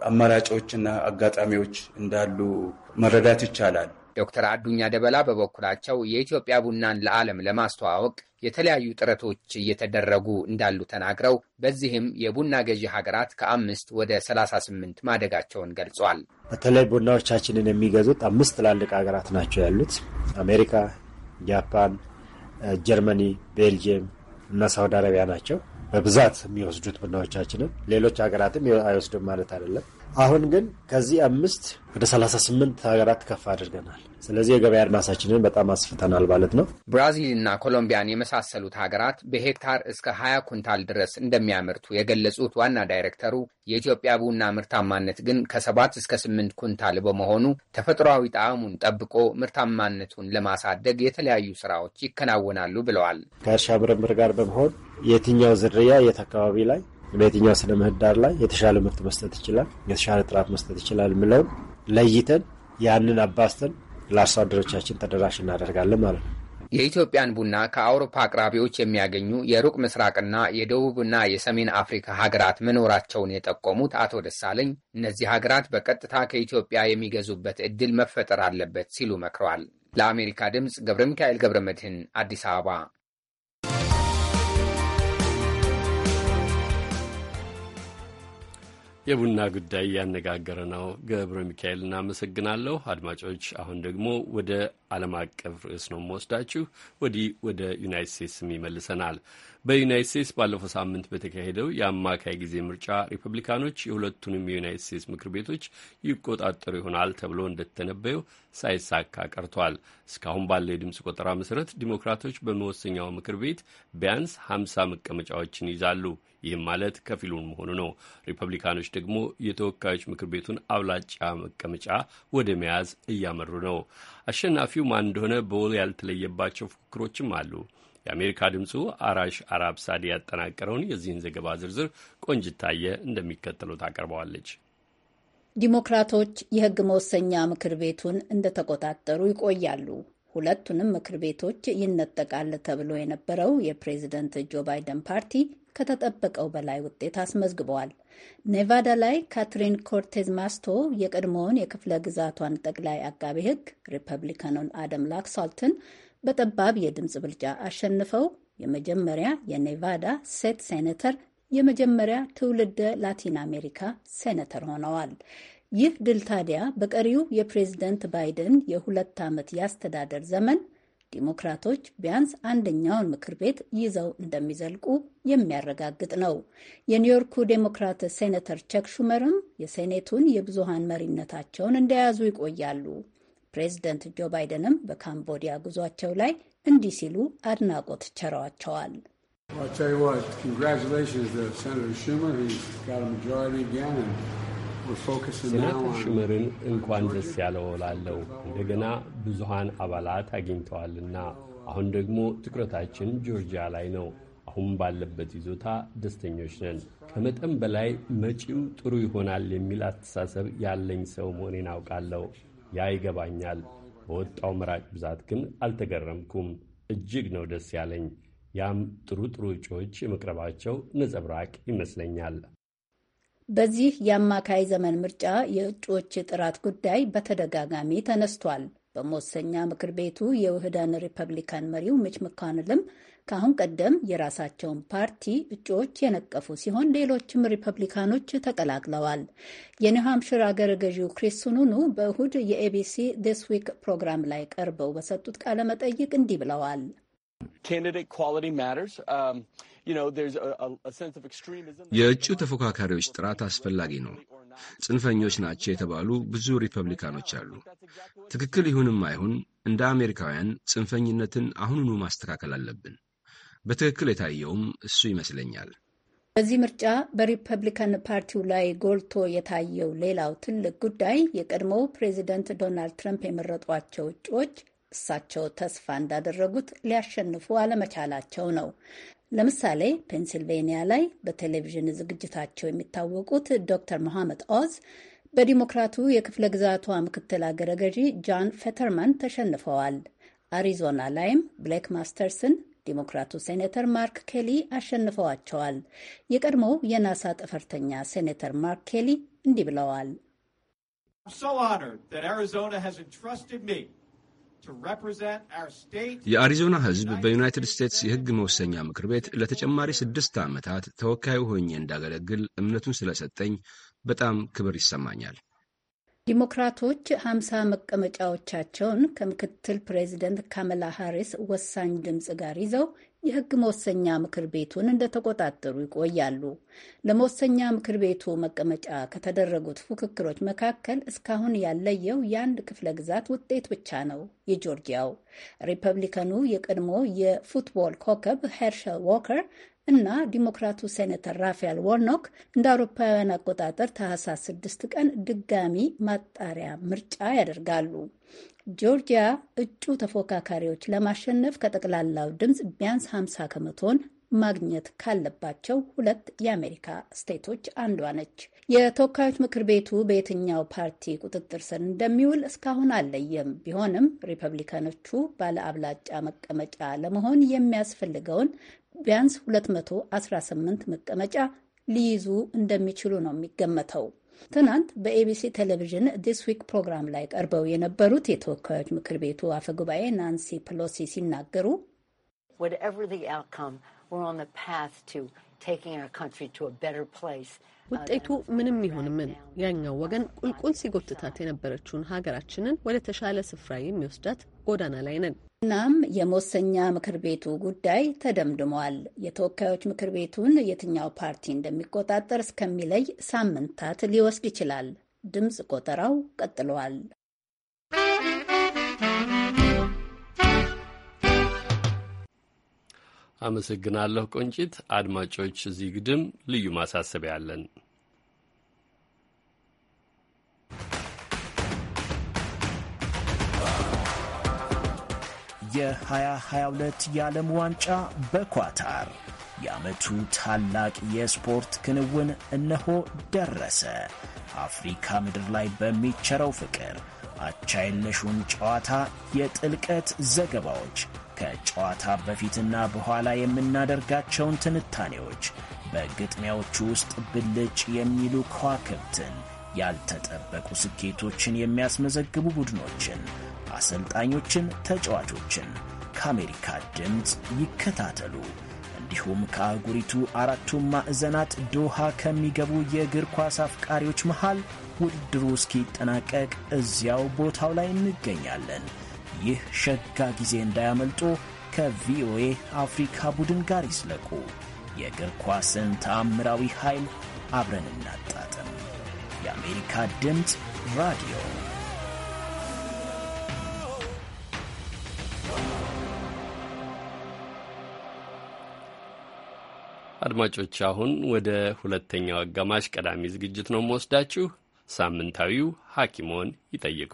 አማራጮችና አጋጣሚዎች እንዳሉ መረዳት ይቻላል። ዶክተር አዱኛ ደበላ በበኩላቸው የኢትዮጵያ ቡናን ለዓለም ለማስተዋወቅ የተለያዩ ጥረቶች እየተደረጉ እንዳሉ ተናግረው በዚህም የቡና ገዢ ሀገራት ከአምስት ወደ 38 ማደጋቸውን ገልጿል። በተለይ ቡናዎቻችንን የሚገዙት አምስት ትላልቅ ሀገራት ናቸው ያሉት አሜሪካ፣ ጃፓን፣ ጀርመኒ፣ ቤልጅየም እና ሳውዲ አረቢያ ናቸው በብዛት የሚወስዱት ቡናዎቻችንን። ሌሎች ሀገራትም አይወስዱም ማለት አይደለም። አሁን ግን ከዚህ አምስት ወደ 38 ሀገራት ከፍ አድርገናል። ስለዚህ የገበያ አድማሳችንን በጣም አስፍተናል ማለት ነው። ብራዚልና ኮሎምቢያን የመሳሰሉት ሀገራት በሄክታር እስከ 20 ኩንታል ድረስ እንደሚያመርቱ የገለጹት ዋና ዳይሬክተሩ የኢትዮጵያ ቡና ምርታማነት ግን ከ7 እስከ 8 ኩንታል በመሆኑ ተፈጥሯዊ ጣዕሙን ጠብቆ ምርታማነቱን ለማሳደግ የተለያዩ ስራዎች ይከናወናሉ ብለዋል። ከእርሻ ምርምር ጋር በመሆን የትኛው ዝርያ የት አካባቢ ላይ በየትኛው ስነ ምህዳር ላይ የተሻለ ምርት መስጠት ይችላል፣ የተሻለ ጥራት መስጠት ይችላል የምለውን ለይተን ያንን አባስተን ለአርሶ አደሮቻችን ተደራሽ እናደርጋለን ማለት ነው። የኢትዮጵያን ቡና ከአውሮፓ አቅራቢዎች የሚያገኙ የሩቅ ምስራቅና የደቡብና የሰሜን አፍሪካ ሀገራት መኖራቸውን የጠቆሙት አቶ ደሳለኝ እነዚህ ሀገራት በቀጥታ ከኢትዮጵያ የሚገዙበት እድል መፈጠር አለበት ሲሉ መክረዋል። ለአሜሪካ ድምፅ ገብረ ሚካኤል ገብረ መድህን አዲስ አበባ የቡና ጉዳይ ያነጋገረ ነው። ገብረ ሚካኤል እናመሰግናለሁ። አድማጮች፣ አሁን ደግሞ ወደ ዓለም አቀፍ ርዕስ ነው የምወስዳችሁ። ወዲህ ወደ ዩናይት ስቴትስም ይመልሰናል። በዩናይት ስቴትስ ባለፈው ሳምንት በተካሄደው የአማካይ ጊዜ ምርጫ ሪፐብሊካኖች የሁለቱንም የዩናይት ስቴትስ ምክር ቤቶች ይቆጣጠሩ ይሆናል ተብሎ እንደተነበየው ሳይሳካ ቀርቷል። እስካሁን ባለው የድምፅ ቆጠራ መሰረት ዲሞክራቶች በመወሰኛው ምክር ቤት ቢያንስ 50 መቀመጫዎችን ይዛሉ። ይህም ማለት ከፊሉን መሆኑ ነው። ሪፐብሊካኖች ደግሞ የተወካዮች ምክር ቤቱን አብላጫ መቀመጫ ወደ መያዝ እያመሩ ነው። አሸናፊው ማን እንደሆነ በውል ያልተለየባቸው ፉክክሮችም አሉ። የአሜሪካ ድምፁ አራሽ አራብ ሳዲ ያጠናቀረውን የዚህን ዘገባ ዝርዝር ቆንጅታየ እንደሚከተለው ታቀርበዋለች። ዲሞክራቶች የህግ መወሰኛ ምክር ቤቱን እንደተቆጣጠሩ ይቆያሉ። ሁለቱንም ምክር ቤቶች ይነጠቃል ተብሎ የነበረው የፕሬዝደንት ጆ ባይደን ፓርቲ ከተጠበቀው በላይ ውጤት አስመዝግበዋል። ኔቫዳ ላይ ካትሪን ኮርቴዝ ማስቶ የቀድሞውን የክፍለ ግዛቷን ጠቅላይ አቃቤ ሕግ ሪፐብሊካኑን አደም ላክሳልትን በጠባብ የድምፅ ብልጫ አሸንፈው የመጀመሪያ የኔቫዳ ሴት ሴኔተር የመጀመሪያ ትውልደ ላቲን አሜሪካ ሴኔተር ሆነዋል። ይህ ድል ታዲያ በቀሪው የፕሬዝደንት ባይደን የሁለት ዓመት የአስተዳደር ዘመን ዲሞክራቶች ቢያንስ አንደኛውን ምክር ቤት ይዘው እንደሚዘልቁ የሚያረጋግጥ ነው። የኒውዮርኩ ዴሞክራት ሴኔተር ቸክ ሹመርም የሴኔቱን የብዙሃን መሪነታቸውን እንደያዙ ይቆያሉ። ፕሬዝደንት ጆ ባይደንም በካምቦዲያ ጉዟቸው ላይ እንዲህ ሲሉ አድናቆት ቸረዋቸዋል። ሴናተር ሹመርን እንኳን ደስ ያለው እላለሁ። እንደገና ብዙሃን አባላት አግኝተዋልና አሁን ደግሞ ትኩረታችን ጆርጂያ ላይ ነው። አሁን ባለበት ይዞታ ደስተኞች ነን። ከመጠን በላይ መጪው ጥሩ ይሆናል የሚል አስተሳሰብ ያለኝ ሰው መሆኔን አውቃለሁ። ያ ይገባኛል። በወጣው መራጭ ብዛት ግን አልተገረምኩም። እጅግ ነው ደስ ያለኝ። ያም ጥሩ ጥሩ እጩዎች የመቅረባቸው ነጸብራቅ ይመስለኛል። በዚህ የአማካይ ዘመን ምርጫ የእጩዎች ጥራት ጉዳይ በተደጋጋሚ ተነስቷል። በመወሰኛ ምክር ቤቱ የውህዳን ሪፐብሊካን መሪው ሚች መካንልም ከአሁን ቀደም የራሳቸውን ፓርቲ እጩዎች የነቀፉ ሲሆን ሌሎችም ሪፐብሊካኖች ተቀላቅለዋል። የኒው ሃምፕሽር አገረ ገዢው ክሪስ ሱኑኑ በእሁድ የኤቢሲ ዲስ ዊክ ፕሮግራም ላይ ቀርበው በሰጡት ቃለ መጠይቅ እንዲህ ብለዋል። um, የእጩ ተፎካካሪዎች ጥራት አስፈላጊ ነው። ጽንፈኞች ናቸው የተባሉ ብዙ ሪፐብሊካኖች አሉ። ትክክል ይሁንም አይሁን እንደ አሜሪካውያን ጽንፈኝነትን አሁኑኑ ማስተካከል አለብን። በትክክል የታየውም እሱ ይመስለኛል። በዚህ ምርጫ በሪፐብሊካን ፓርቲው ላይ ጎልቶ የታየው ሌላው ትልቅ ጉዳይ የቀድሞው ፕሬዚደንት ዶናልድ ትራምፕ የመረጧቸው እጩዎች እሳቸው ተስፋ እንዳደረጉት ሊያሸንፉ አለመቻላቸው ነው። ለምሳሌ ፔንሲልቬኒያ ላይ በቴሌቪዥን ዝግጅታቸው የሚታወቁት ዶክተር መሐመድ ኦዝ በዲሞክራቱ የክፍለ ግዛቷ ምክትል አገረ ገዢ ጃን ፌተርማን ተሸንፈዋል። አሪዞና ላይም ብሌክ ማስተርስን ዲሞክራቱ ሴኔተር ማርክ ኬሊ አሸንፈዋቸዋል። የቀድሞው የናሳ ጠፈርተኛ ሴኔተር ማርክ ኬሊ እንዲህ ብለዋል። የአሪዞና ሕዝብ በዩናይትድ ስቴትስ የሕግ መወሰኛ ምክር ቤት ለተጨማሪ ስድስት ዓመታት ተወካዩ ሆኜ እንዳገለግል እምነቱን ስለሰጠኝ በጣም ክብር ይሰማኛል። ዲሞክራቶች ሀምሳ መቀመጫዎቻቸውን ከምክትል ፕሬዚደንት ካመላ ሃሪስ ወሳኝ ድምፅ ጋር ይዘው የህግ መወሰኛ ምክር ቤቱን እንደተቆጣጠሩ ይቆያሉ። ለመወሰኛ ምክር ቤቱ መቀመጫ ከተደረጉት ፉክክሮች መካከል እስካሁን ያለየው የአንድ ክፍለ ግዛት ውጤት ብቻ ነው፣ የጆርጂያው ሪፐብሊካኑ የቀድሞ የፉትቦል ኮከብ ሄርሸል ዎከር እና ዲሞክራቱ ሴኔተር ራፋኤል ዎርኖክ እንደ አውሮፓውያን አቆጣጠር ታህሳስ 6 ቀን ድጋሚ ማጣሪያ ምርጫ ያደርጋሉ። ጆርጂያ እጩ ተፎካካሪዎች ለማሸነፍ ከጠቅላላው ድምፅ ቢያንስ 50 ከመቶን ማግኘት ካለባቸው ሁለት የአሜሪካ ስቴቶች አንዷ ነች። የተወካዮች ምክር ቤቱ በየትኛው ፓርቲ ቁጥጥር ስር እንደሚውል እስካሁን አለየም ቢሆንም ሪፐብሊካኖቹ ባለ አብላጫ መቀመጫ ለመሆን የሚያስፈልገውን ቢያንስ 218 መቀመጫ ሊይዙ እንደሚችሉ ነው የሚገመተው። ትናንት በኤቢሲ ቴሌቪዥን ዊክ ፕሮግራም ላይ ቀርበው የነበሩት የተወካዮች ምክር ቤቱ አፈ ጉባኤ ናንሲ ፕሎሲ ሲናገሩ ውጤቱ ምንም ይሁን ምን ያኛው ወገን ቁልቁል ሲጎትታት የነበረችውን ሀገራችንን ወደ ተሻለ ስፍራ የሚወስዳት ጎዳና ላይ ነን። እናም የመወሰኛ ምክር ቤቱ ጉዳይ ተደምድሟል። የተወካዮች ምክር ቤቱን የትኛው ፓርቲ እንደሚቆጣጠር እስከሚለይ ሳምንታት ሊወስድ ይችላል። ድምፅ ቆጠራው ቀጥሏል። አመሰግናለሁ ቆንጭት። አድማጮች፣ እዚህ ግድም ልዩ ማሳሰቢያ አለን። የ2022 የዓለም ዋንጫ በኳታር የዓመቱ ታላቅ የስፖርት ክንውን እነሆ ደረሰ። አፍሪካ ምድር ላይ በሚቸረው ፍቅር አቻ የለሹን ጨዋታ የጥልቀት ዘገባዎች ከጨዋታ በፊትና በኋላ የምናደርጋቸውን ትንታኔዎች በግጥሚያዎቹ ውስጥ ብልጭ የሚሉ ከዋክብትን፣ ያልተጠበቁ ስኬቶችን የሚያስመዘግቡ ቡድኖችን አሰልጣኞችን፣ ተጫዋቾችን ከአሜሪካ ድምፅ ይከታተሉ። እንዲሁም ከአህጉሪቱ አራቱ ማዕዘናት ዶሃ ከሚገቡ የእግር ኳስ አፍቃሪዎች መሃል ውድድሩ እስኪጠናቀቅ እዚያው ቦታው ላይ እንገኛለን። ይህ ሸጋ ጊዜ እንዳያመልጦ ከቪኦኤ አፍሪካ ቡድን ጋር ይስለቁ። የእግር ኳስን ተአምራዊ ኃይል አብረን እናጣጥም። የአሜሪካ ድምፅ ራዲዮ አድማጮች፣ አሁን ወደ ሁለተኛው አጋማሽ ቀዳሚ ዝግጅት ነው የምወስዳችሁ። ሳምንታዊው ሐኪሞን ይጠይቁ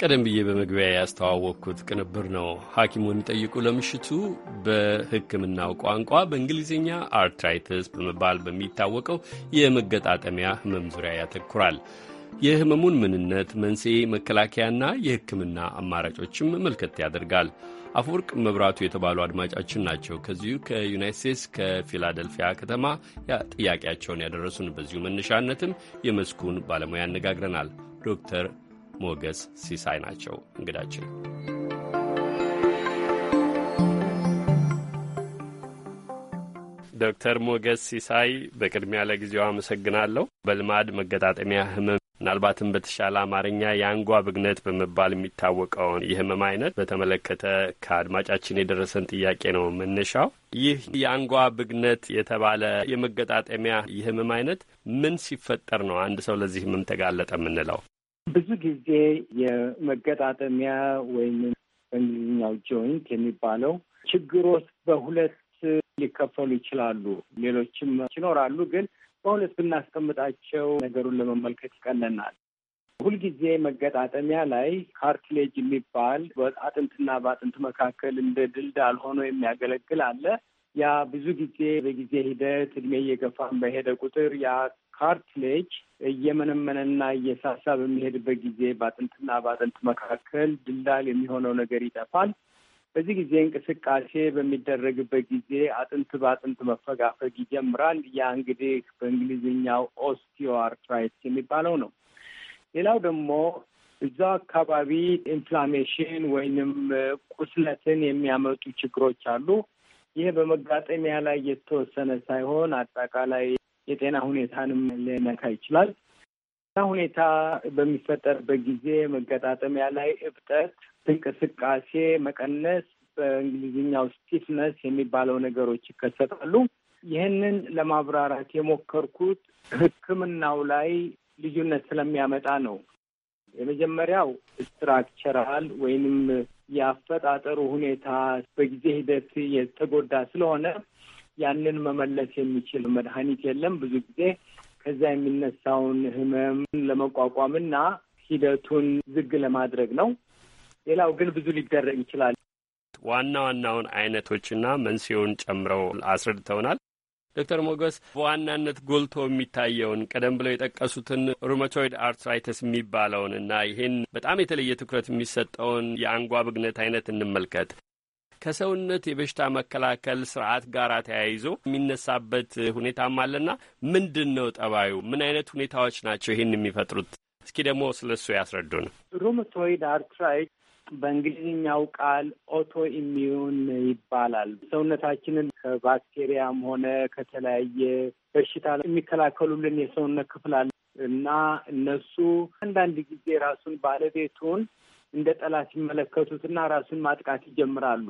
ቀደም ብዬ በመግቢያ ያስተዋወቅኩት ቅንብር ነው። ሐኪሙን ይጠይቁ ለምሽቱ በሕክምናው ቋንቋ በእንግሊዝኛ አርትራይትስ በመባል በሚታወቀው የመገጣጠሚያ ህመም ዙሪያ ያተኩራል። የህመሙን ምንነት፣ መንስኤ፣ መከላከያና የህክምና አማራጮችም መልከት ያደርጋል። አፈወርቅ መብራቱ የተባሉ አድማጫችን ናቸው። ከዚሁ ከዩናይት ስቴትስ ከፊላደልፊያ ከተማ ጥያቄያቸውን ያደረሱን በዚሁ መነሻነትም የመስኩን ባለሙያ ያነጋግረናል። ዶክተር ሞገስ ሲሳይ ናቸው እንግዳችን። ዶክተር ሞገስ ሲሳይ በቅድሚያ ለጊዜው አመሰግናለሁ። በልማድ መገጣጠሚያ ህመም ምናልባትም በተሻለ አማርኛ የአንጓ ብግነት በመባል የሚታወቀውን የህመም አይነት በተመለከተ ከአድማጫችን የደረሰን ጥያቄ ነው መነሻው። ይህ የአንጓ ብግነት የተባለ የመገጣጠሚያ የህመም አይነት ምን ሲፈጠር ነው አንድ ሰው ለዚህ ህመም ተጋለጠ የምንለው? ብዙ ጊዜ የመገጣጠሚያ ወይም በእንግሊዝኛው ጆይንት የሚባለው ችግሮች በሁለት ሊከፈሉ ይችላሉ። ሌሎችም ይኖራሉ ግን በሁለት ብናስቀምጣቸው ነገሩን ለመመልከት ይቀለናል። ሁልጊዜ መገጣጠሚያ ላይ ካርትሌጅ የሚባል በአጥንትና በአጥንት መካከል እንደ ድልዳል ሆኖ የሚያገለግል አለ። ያ ብዙ ጊዜ በጊዜ ሂደት እድሜ እየገፋን በሄደ ቁጥር ያ ካርትሌጅ እየመነመነና እየሳሳ በሚሄድበት ጊዜ በአጥንትና በአጥንት መካከል ድልዳል የሚሆነው ነገር ይጠፋል። በዚህ ጊዜ እንቅስቃሴ በሚደረግበት ጊዜ አጥንት በአጥንት መፈጋፈግ ይጀምራል። ያ እንግዲህ በእንግሊዝኛው ኦስቲዮአርትራይትስ የሚባለው ነው። ሌላው ደግሞ እዛው አካባቢ ኢንፍላሜሽን ወይንም ቁስለትን የሚያመጡ ችግሮች አሉ። ይህ በመጋጠሚያ ላይ የተወሰነ ሳይሆን አጠቃላይ የጤና ሁኔታንም ሊነካ ይችላል። ሁኔታ በሚፈጠርበት ጊዜ መገጣጠሚያ ላይ እብጠት እንቅስቃሴ መቀነስ፣ በእንግሊዝኛው ስቲፍነስ የሚባለው ነገሮች ይከሰታሉ። ይህንን ለማብራራት የሞከርኩት ሕክምናው ላይ ልዩነት ስለሚያመጣ ነው። የመጀመሪያው ስትራክቸራል ወይንም የአፈጣጠሩ ሁኔታ በጊዜ ሂደት የተጎዳ ስለሆነ ያንን መመለስ የሚችል መድኃኒት የለም። ብዙ ጊዜ ከዛ የሚነሳውን ህመም ለመቋቋምና ሂደቱን ዝግ ለማድረግ ነው። ሌላው ግን ብዙ ሊደረግ ይችላል። ዋና ዋናውን አይነቶችና መንስኤውን ጨምረው አስረድተውናል። ዶክተር ሞገስ በዋናነት ጎልቶ የሚታየውን ቀደም ብለው የጠቀሱትን ሩመቶይድ አርትራይተስ የሚባለውን እና ይህን በጣም የተለየ ትኩረት የሚሰጠውን የአንጓ ብግነት አይነት እንመልከት። ከሰውነት የበሽታ መከላከል ስርዓት ጋር ተያይዞ የሚነሳበት ሁኔታም አለና ምንድን ነው ጠባዩ? ምን አይነት ሁኔታዎች ናቸው ይህን የሚፈጥሩት? እስኪ ደግሞ ስለ እሱ ያስረዱን። ሩመቶይድ አርትራይት በእንግሊዝኛው ቃል ኦቶ ኢሚዩን ይባላል። ሰውነታችንን ከባክቴሪያም ሆነ ከተለያየ በሽታ የሚከላከሉልን የሰውነት ክፍል አለ እና እነሱ አንዳንድ ጊዜ ራሱን ባለቤቱን እንደ ጠላት ሲመለከቱትና ራሱን ማጥቃት ይጀምራሉ።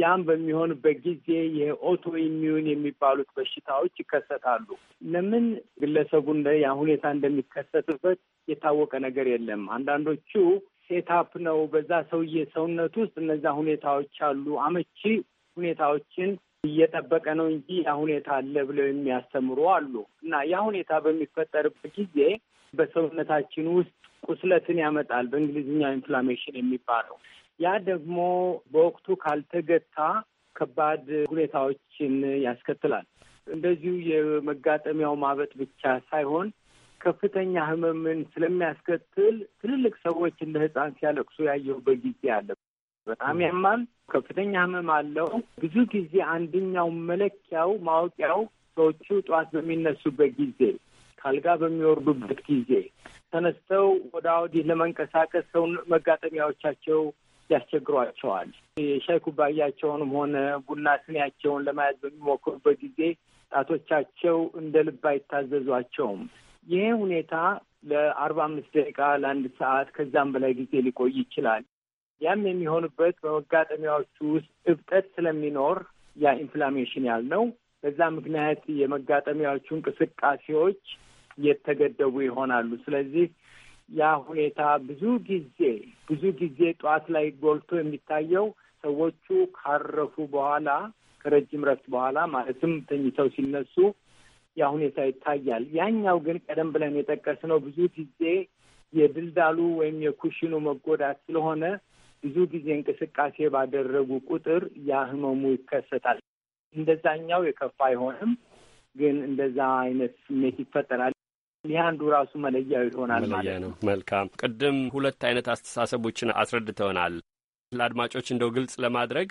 ያም በሚሆንበት ጊዜ የኦቶ ኢሚዩን የሚባሉት በሽታዎች ይከሰታሉ። ለምን ግለሰቡ ያ ሁኔታ እንደሚከሰትበት የታወቀ ነገር የለም። አንዳንዶቹ ሴታፕ ነው። በዛ ሰውዬ ሰውነት ውስጥ እነዛ ሁኔታዎች አሉ። አመቺ ሁኔታዎችን እየጠበቀ ነው እንጂ ያ ሁኔታ አለ ብለው የሚያስተምሩ አሉ። እና ያ ሁኔታ በሚፈጠርበት ጊዜ በሰውነታችን ውስጥ ቁስለትን ያመጣል። በእንግሊዝኛ ኢንፍላሜሽን የሚባለው ያ ደግሞ በወቅቱ ካልተገታ ከባድ ሁኔታዎችን ያስከትላል። እንደዚሁ የመጋጠሚያው ማበጥ ብቻ ሳይሆን ከፍተኛ ህመምን ስለሚያስከትል ትልልቅ ሰዎች እንደ ህፃን ሲያለቅሱ ያየሁበት ጊዜ አለ። በጣም ያማል። ከፍተኛ ህመም አለው። ብዙ ጊዜ አንደኛው መለኪያው ማወቂያው ሰዎቹ ጠዋት በሚነሱበት ጊዜ፣ ካልጋ በሚወርዱበት ጊዜ፣ ተነስተው ወደ አውዲህ ለመንቀሳቀስ ሰው መጋጠሚያዎቻቸው ያስቸግሯቸዋል። የሻይ ኩባያቸውንም ሆነ ቡና ስኒያቸውን ለመያዝ በሚሞክሩበት ጊዜ ጣቶቻቸው እንደ ልብ አይታዘዟቸውም። ይሄ ሁኔታ ለአርባ አምስት ደቂቃ ለአንድ ሰዓት ከዛም በላይ ጊዜ ሊቆይ ይችላል። ያም የሚሆንበት በመጋጠሚያዎቹ ውስጥ እብጠት ስለሚኖር ያ ኢንፍላሜሽን ያልነው በዛ ምክንያት የመጋጠሚያዎቹ እንቅስቃሴዎች የተገደቡ ይሆናሉ። ስለዚህ ያ ሁኔታ ብዙ ጊዜ ብዙ ጊዜ ጠዋት ላይ ጎልቶ የሚታየው ሰዎቹ ካረፉ በኋላ ከረጅም ረፍት በኋላ ማለትም ተኝተው ሲነሱ ያ ሁኔታ ይታያል። ያኛው ግን ቀደም ብለን የጠቀስነው ብዙ ጊዜ የድልዳሉ ወይም የኩሽኑ መጎዳት ስለሆነ ብዙ ጊዜ እንቅስቃሴ ባደረጉ ቁጥር ያ ህመሙ ይከሰታል። እንደዛኛው የከፋ አይሆንም፣ ግን እንደዛ አይነት ስሜት ይፈጠራል። ይህ አንዱ ራሱ መለያው ይሆናል ማለት ነው። መልካም። ቅድም ሁለት አይነት አስተሳሰቦችን አስረድተውናል። ለአድማጮች እንደው ግልጽ ለማድረግ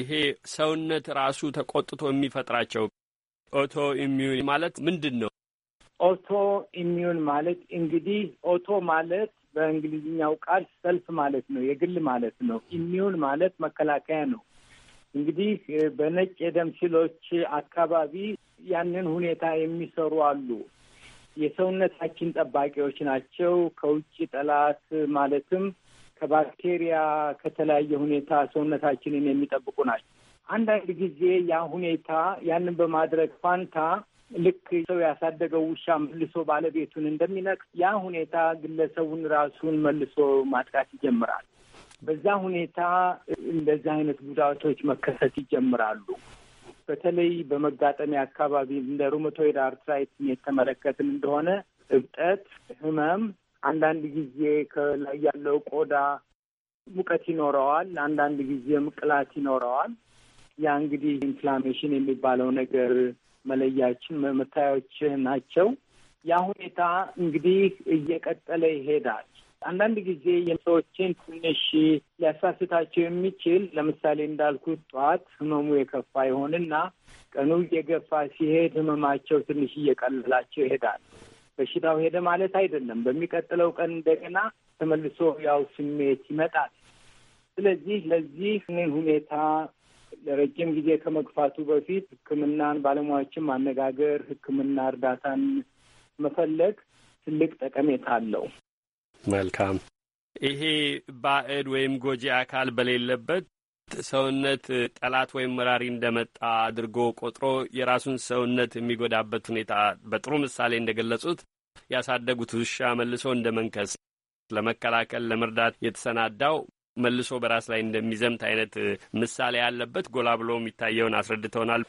ይሄ ሰውነት ራሱ ተቆጥቶ የሚፈጥራቸው ኦቶ ኢሚዩን ማለት ምንድን ነው? ኦቶ ኢሚዩን ማለት እንግዲህ ኦቶ ማለት በእንግሊዝኛው ቃል ሰልፍ ማለት ነው፣ የግል ማለት ነው። ኢሚዩን ማለት መከላከያ ነው። እንግዲህ በነጭ የደም ሴሎች አካባቢ ያንን ሁኔታ የሚሰሩ አሉ። የሰውነታችን ጠባቂዎች ናቸው። ከውጭ ጠላት ማለትም ከባክቴሪያ ከተለያየ ሁኔታ ሰውነታችንን የሚጠብቁ ናቸው። አንዳንድ ጊዜ ያ ሁኔታ ያንን በማድረግ ፋንታ ልክ ሰው ያሳደገው ውሻ መልሶ ባለቤቱን እንደሚነቅስ ያ ሁኔታ ግለሰቡን ራሱን መልሶ ማጥቃት ይጀምራል። በዛ ሁኔታ እንደዚህ አይነት ጉዳቶች መከሰት ይጀምራሉ። በተለይ በመጋጠሚያ አካባቢ እንደ ሩመቶይድ አርትራይትን የተመለከትን እንደሆነ እብጠት፣ ህመም፣ አንዳንድ ጊዜ ከላይ ያለው ቆዳ ሙቀት ይኖረዋል። አንዳንድ ጊዜ ቅላት ይኖረዋል። ያ እንግዲህ ኢንፍላሜሽን የሚባለው ነገር መለያችን መታያዎች ናቸው። ያ ሁኔታ እንግዲህ እየቀጠለ ይሄዳል። አንዳንድ ጊዜ የሰዎችን ትንሽ ሊያሳስታቸው የሚችል ለምሳሌ እንዳልኩት ጠዋት ህመሙ የከፋ ይሆንና ቀኑ እየገፋ ሲሄድ ህመማቸው ትንሽ እየቀለላቸው ይሄዳል። በሽታው ሄደ ማለት አይደለም። በሚቀጥለው ቀን እንደገና ተመልሶ ያው ስሜት ይመጣል። ስለዚህ ለዚህ ሁኔታ ለረጅም ጊዜ ከመግፋቱ በፊት ሕክምናን ባለሙያዎችን ማነጋገር፣ ሕክምና እርዳታን መፈለግ ትልቅ ጠቀሜታ አለው። መልካም። ይሄ ባዕድ ወይም ጎጂ አካል በሌለበት ሰውነት ጠላት ወይም መራሪ እንደመጣ አድርጎ ቆጥሮ የራሱን ሰውነት የሚጎዳበት ሁኔታ በጥሩ ምሳሌ እንደገለጹት ያሳደጉት ውሻ መልሶ እንደ መንከስ ለመከላከል ለመርዳት የተሰናዳው መልሶ በራስ ላይ እንደሚዘምት አይነት ምሳሌ ያለበት ጎላ ብሎ የሚታየውን አስረድተውናል።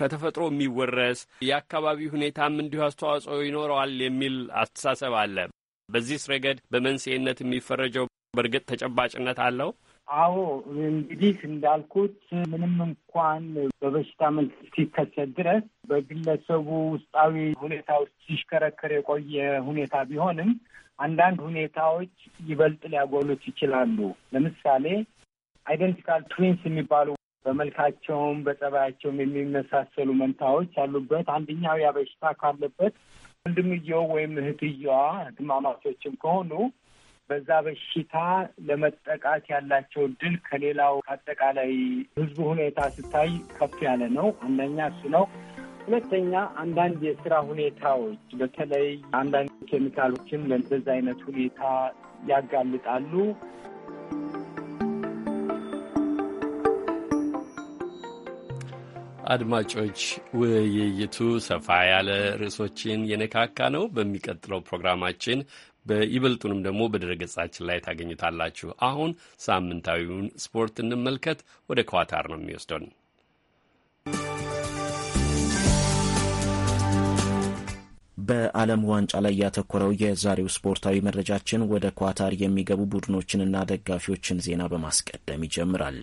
ከተፈጥሮ የሚወረስ የአካባቢ ሁኔታም እንዲሁ አስተዋጽኦ ይኖረዋል የሚል አስተሳሰብ አለ። በዚህ ረገድ በመንስኤነት የሚፈረጀው በእርግጥ ተጨባጭነት አለው። አዎ እንግዲህ እንዳልኩት ምንም እንኳን በበሽታ መልክ ሲከሰት ድረስ በግለሰቡ ውስጣዊ ሁኔታ ውስጥ ሲሽከረከር የቆየ ሁኔታ ቢሆንም አንዳንድ ሁኔታዎች ይበልጥ ሊያጎሉት ይችላሉ። ለምሳሌ አይደንቲካል ትዊንስ የሚባሉ በመልካቸውም በጸባያቸውም የሚመሳሰሉ መንታዎች ያሉበት አንደኛው ያ በሽታ ካለበት ወንድምየው ወይም እህትየዋ ህትማማቾችም ከሆኑ በዛ በሽታ ለመጠቃት ያላቸው እድል ከሌላው አጠቃላይ ህዝቡ ሁኔታ ስታይ ከፍ ያለ ነው። አንደኛ እሱ ነው። ሁለተኛ አንዳንድ የስራ ሁኔታዎች በተለይ አንዳንድ ኬሚካሎችን ለእንደዚ አይነት ሁኔታ ያጋልጣሉ። አድማጮች ውይይቱ ሰፋ ያለ ርዕሶችን የነካካ ነው። በሚቀጥለው ፕሮግራማችን በይበልጡንም ደግሞ በድረገጻችን ላይ ታገኙታላችሁ። አሁን ሳምንታዊውን ስፖርት እንመልከት። ወደ ኳታር ነው የሚወስደን። በዓለም ዋንጫ ላይ ያተኮረው የዛሬው ስፖርታዊ መረጃችን ወደ ኳታር የሚገቡ ቡድኖችንና ደጋፊዎችን ዜና በማስቀደም ይጀምራል።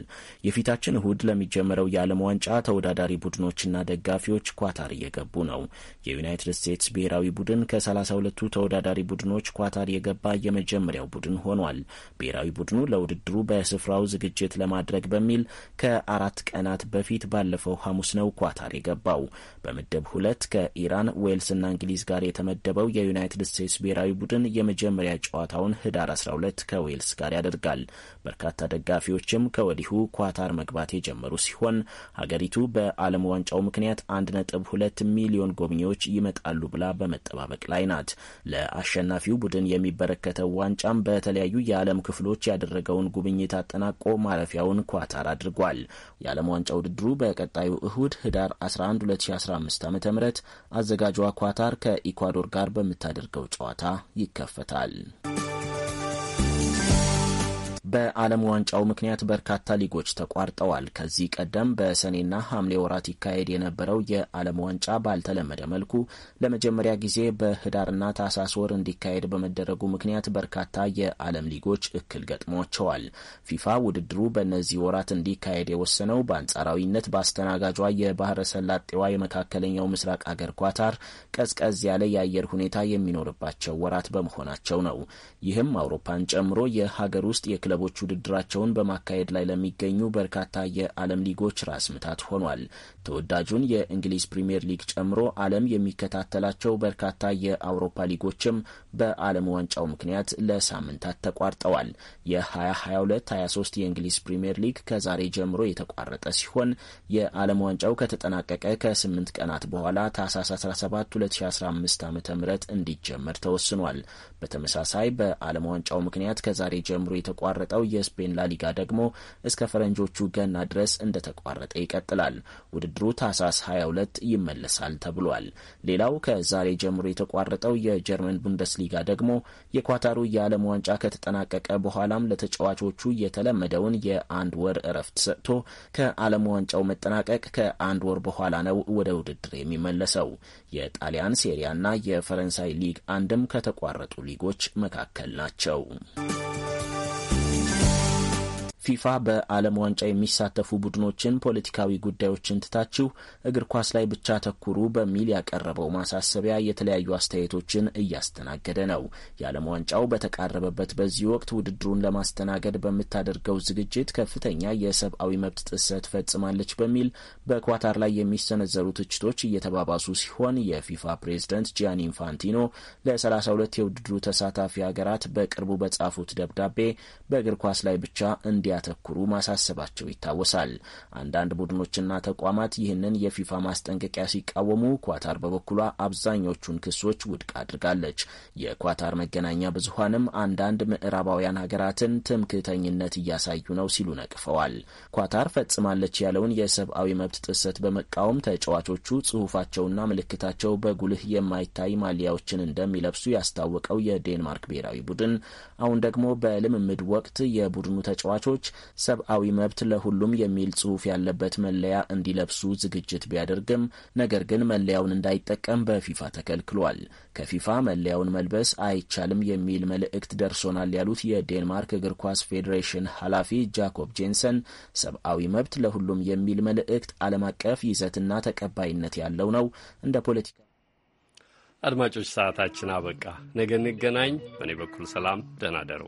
የፊታችን እሁድ ለሚጀመረው የዓለም ዋንጫ ተወዳዳሪ ቡድኖችና ደጋፊዎች ኳታር እየገቡ ነው። የዩናይትድ ስቴትስ ብሔራዊ ቡድን ከ32ቱ ተወዳዳሪ ቡድኖች ኳታር የገባ የመጀመሪያው ቡድን ሆኗል። ብሔራዊ ቡድኑ ለውድድሩ በስፍራው ዝግጅት ለማድረግ በሚል ከአራት ቀናት በፊት ባለፈው ሐሙስ ነው ኳታር የገባው። በምድብ ሁለት ከኢራን ዌልስና እንግሊዝ ጋር የተመደበው የዩናይትድ ስቴትስ ብሔራዊ ቡድን የመጀመሪያ ጨዋታውን ህዳር 12 ከዌልስ ጋር ያደርጋል። በርካታ ደጋፊዎችም ከወዲሁ ኳታር መግባት የጀመሩ ሲሆን ሀገሪቱ በዓለም ዋንጫው ምክንያት 1.2 ሚሊዮን ጎብኚዎች ይመጣሉ ብላ በመጠባበቅ ላይ ናት። ለአሸናፊው ቡድን የሚበረከተው ዋንጫም በተለያዩ የዓለም ክፍሎች ያደረገውን ጉብኝት አጠናቆ ማረፊያውን ኳታር አድርጓል። የዓለም ዋንጫ ውድድሩ በቀጣዩ እሁድ ህዳር 11 2015 ዓ ም አዘጋጇ ኳታር ከ ከኢኳዶር ጋር በምታደርገው ጨዋታ ይከፈታል። በዓለም ዋንጫው ምክንያት በርካታ ሊጎች ተቋርጠዋል። ከዚህ ቀደም በሰኔና ሐምሌ ወራት ይካሄድ የነበረው የዓለም ዋንጫ ባልተለመደ መልኩ ለመጀመሪያ ጊዜ በህዳርና ታህሳስ ወር እንዲካሄድ በመደረጉ ምክንያት በርካታ የዓለም ሊጎች እክል ገጥሟቸዋል። ፊፋ ውድድሩ በእነዚህ ወራት እንዲካሄድ የወሰነው በአንጻራዊነት በአስተናጋጇ የባህረ ሰላጤዋ የመካከለኛው ምስራቅ አገር ኳታር ቀዝቀዝ ያለ የአየር ሁኔታ የሚኖርባቸው ወራት በመሆናቸው ነው። ይህም አውሮፓን ጨምሮ የሀገር ውስጥ የክለ ክለቦች ውድድራቸውን በማካሄድ ላይ ለሚገኙ በርካታ የዓለም ሊጎች ራስ ምታት ሆኗል። ተወዳጁን የእንግሊዝ ፕሪምየር ሊግ ጨምሮ ዓለም የሚከታተላቸው በርካታ የአውሮፓ ሊጎችም በዓለም ዋንጫው ምክንያት ለሳምንታት ተቋርጠዋል። የ2022/23 የእንግሊዝ ፕሪምየር ሊግ ከዛሬ ጀምሮ የተቋረጠ ሲሆን የዓለም ዋንጫው ከተጠናቀቀ ከ8 ቀናት በኋላ ታህሳስ 17 2015 ዓ ም እንዲጀመር ተወስኗል። በተመሳሳይ በዓለም ዋንጫው ምክንያት ከዛሬ ጀምሮ የተቋረጠ የተቋረጠው የስፔን ላሊጋ ደግሞ እስከ ፈረንጆቹ ገና ድረስ እንደተቋረጠ ይቀጥላል። ውድድሩ ታህሳስ 22 ይመለሳል ተብሏል። ሌላው ከዛሬ ጀምሮ የተቋረጠው የጀርመን ቡንደስሊጋ ደግሞ የኳታሩ የዓለም ዋንጫ ከተጠናቀቀ በኋላም ለተጫዋቾቹ የተለመደውን የአንድ ወር እረፍት ሰጥቶ ከዓለም ዋንጫው መጠናቀቅ ከአንድ ወር በኋላ ነው ወደ ውድድር የሚመለሰው። የጣሊያን ሴሪያና የፈረንሳይ ሊግ አንድም ከተቋረጡ ሊጎች መካከል ናቸው። ፊፋ በዓለም ዋንጫ የሚሳተፉ ቡድኖችን ፖለቲካዊ ጉዳዮችን ትታችሁ እግር ኳስ ላይ ብቻ ተኩሩ በሚል ያቀረበው ማሳሰቢያ የተለያዩ አስተያየቶችን እያስተናገደ ነው። የዓለም ዋንጫው በተቃረበበት በዚህ ወቅት ውድድሩን ለማስተናገድ በምታደርገው ዝግጅት ከፍተኛ የሰብአዊ መብት ጥሰት ፈጽማለች በሚል በኳታር ላይ የሚሰነዘሩ ትችቶች እየተባባሱ ሲሆን የፊፋ ፕሬዝደንት ጂያኒ ኢንፋንቲኖ ለ32 የውድድሩ ተሳታፊ ሀገራት በቅርቡ በጻፉት ደብዳቤ በእግር ኳስ ላይ ብቻ እንዲ እንዲያተኩሩ ማሳሰባቸው ይታወሳል። አንዳንድ ቡድኖችና ተቋማት ይህንን የፊፋ ማስጠንቀቂያ ሲቃወሙ፣ ኳታር በበኩሏ አብዛኞቹን ክሶች ውድቅ አድርጋለች። የኳታር መገናኛ ብዙሀንም አንዳንድ ምዕራባውያን ሀገራትን ትምክህተኝነት እያሳዩ ነው ሲሉ ነቅፈዋል። ኳታር ፈጽማለች ያለውን የሰብአዊ መብት ጥሰት በመቃወም ተጫዋቾቹ ጽሁፋቸውና ምልክታቸው በጉልህ የማይታይ ማሊያዎችን እንደሚለብሱ ያስታወቀው የዴንማርክ ብሔራዊ ቡድን አሁን ደግሞ በልምምድ ወቅት የቡድኑ ተጫዋቾች ሀገሮች ሰብአዊ መብት ለሁሉም የሚል ጽሑፍ ያለበት መለያ እንዲለብሱ ዝግጅት ቢያደርግም ነገር ግን መለያውን እንዳይጠቀም በፊፋ ተከልክሏል። ከፊፋ መለያውን መልበስ አይቻልም የሚል መልእክት ደርሶናል ያሉት የዴንማርክ እግር ኳስ ፌዴሬሽን ኃላፊ ጃኮብ ጄንሰን ሰብአዊ መብት ለሁሉም የሚል መልእክት ዓለም አቀፍ ይዘትና ተቀባይነት ያለው ነው እንደ ፖለቲካ አድማጮች፣ ሰዓታችን አበቃ። ነገ እንገናኝ። በእኔ በኩል ሰላም፣ ደህና ደሩ።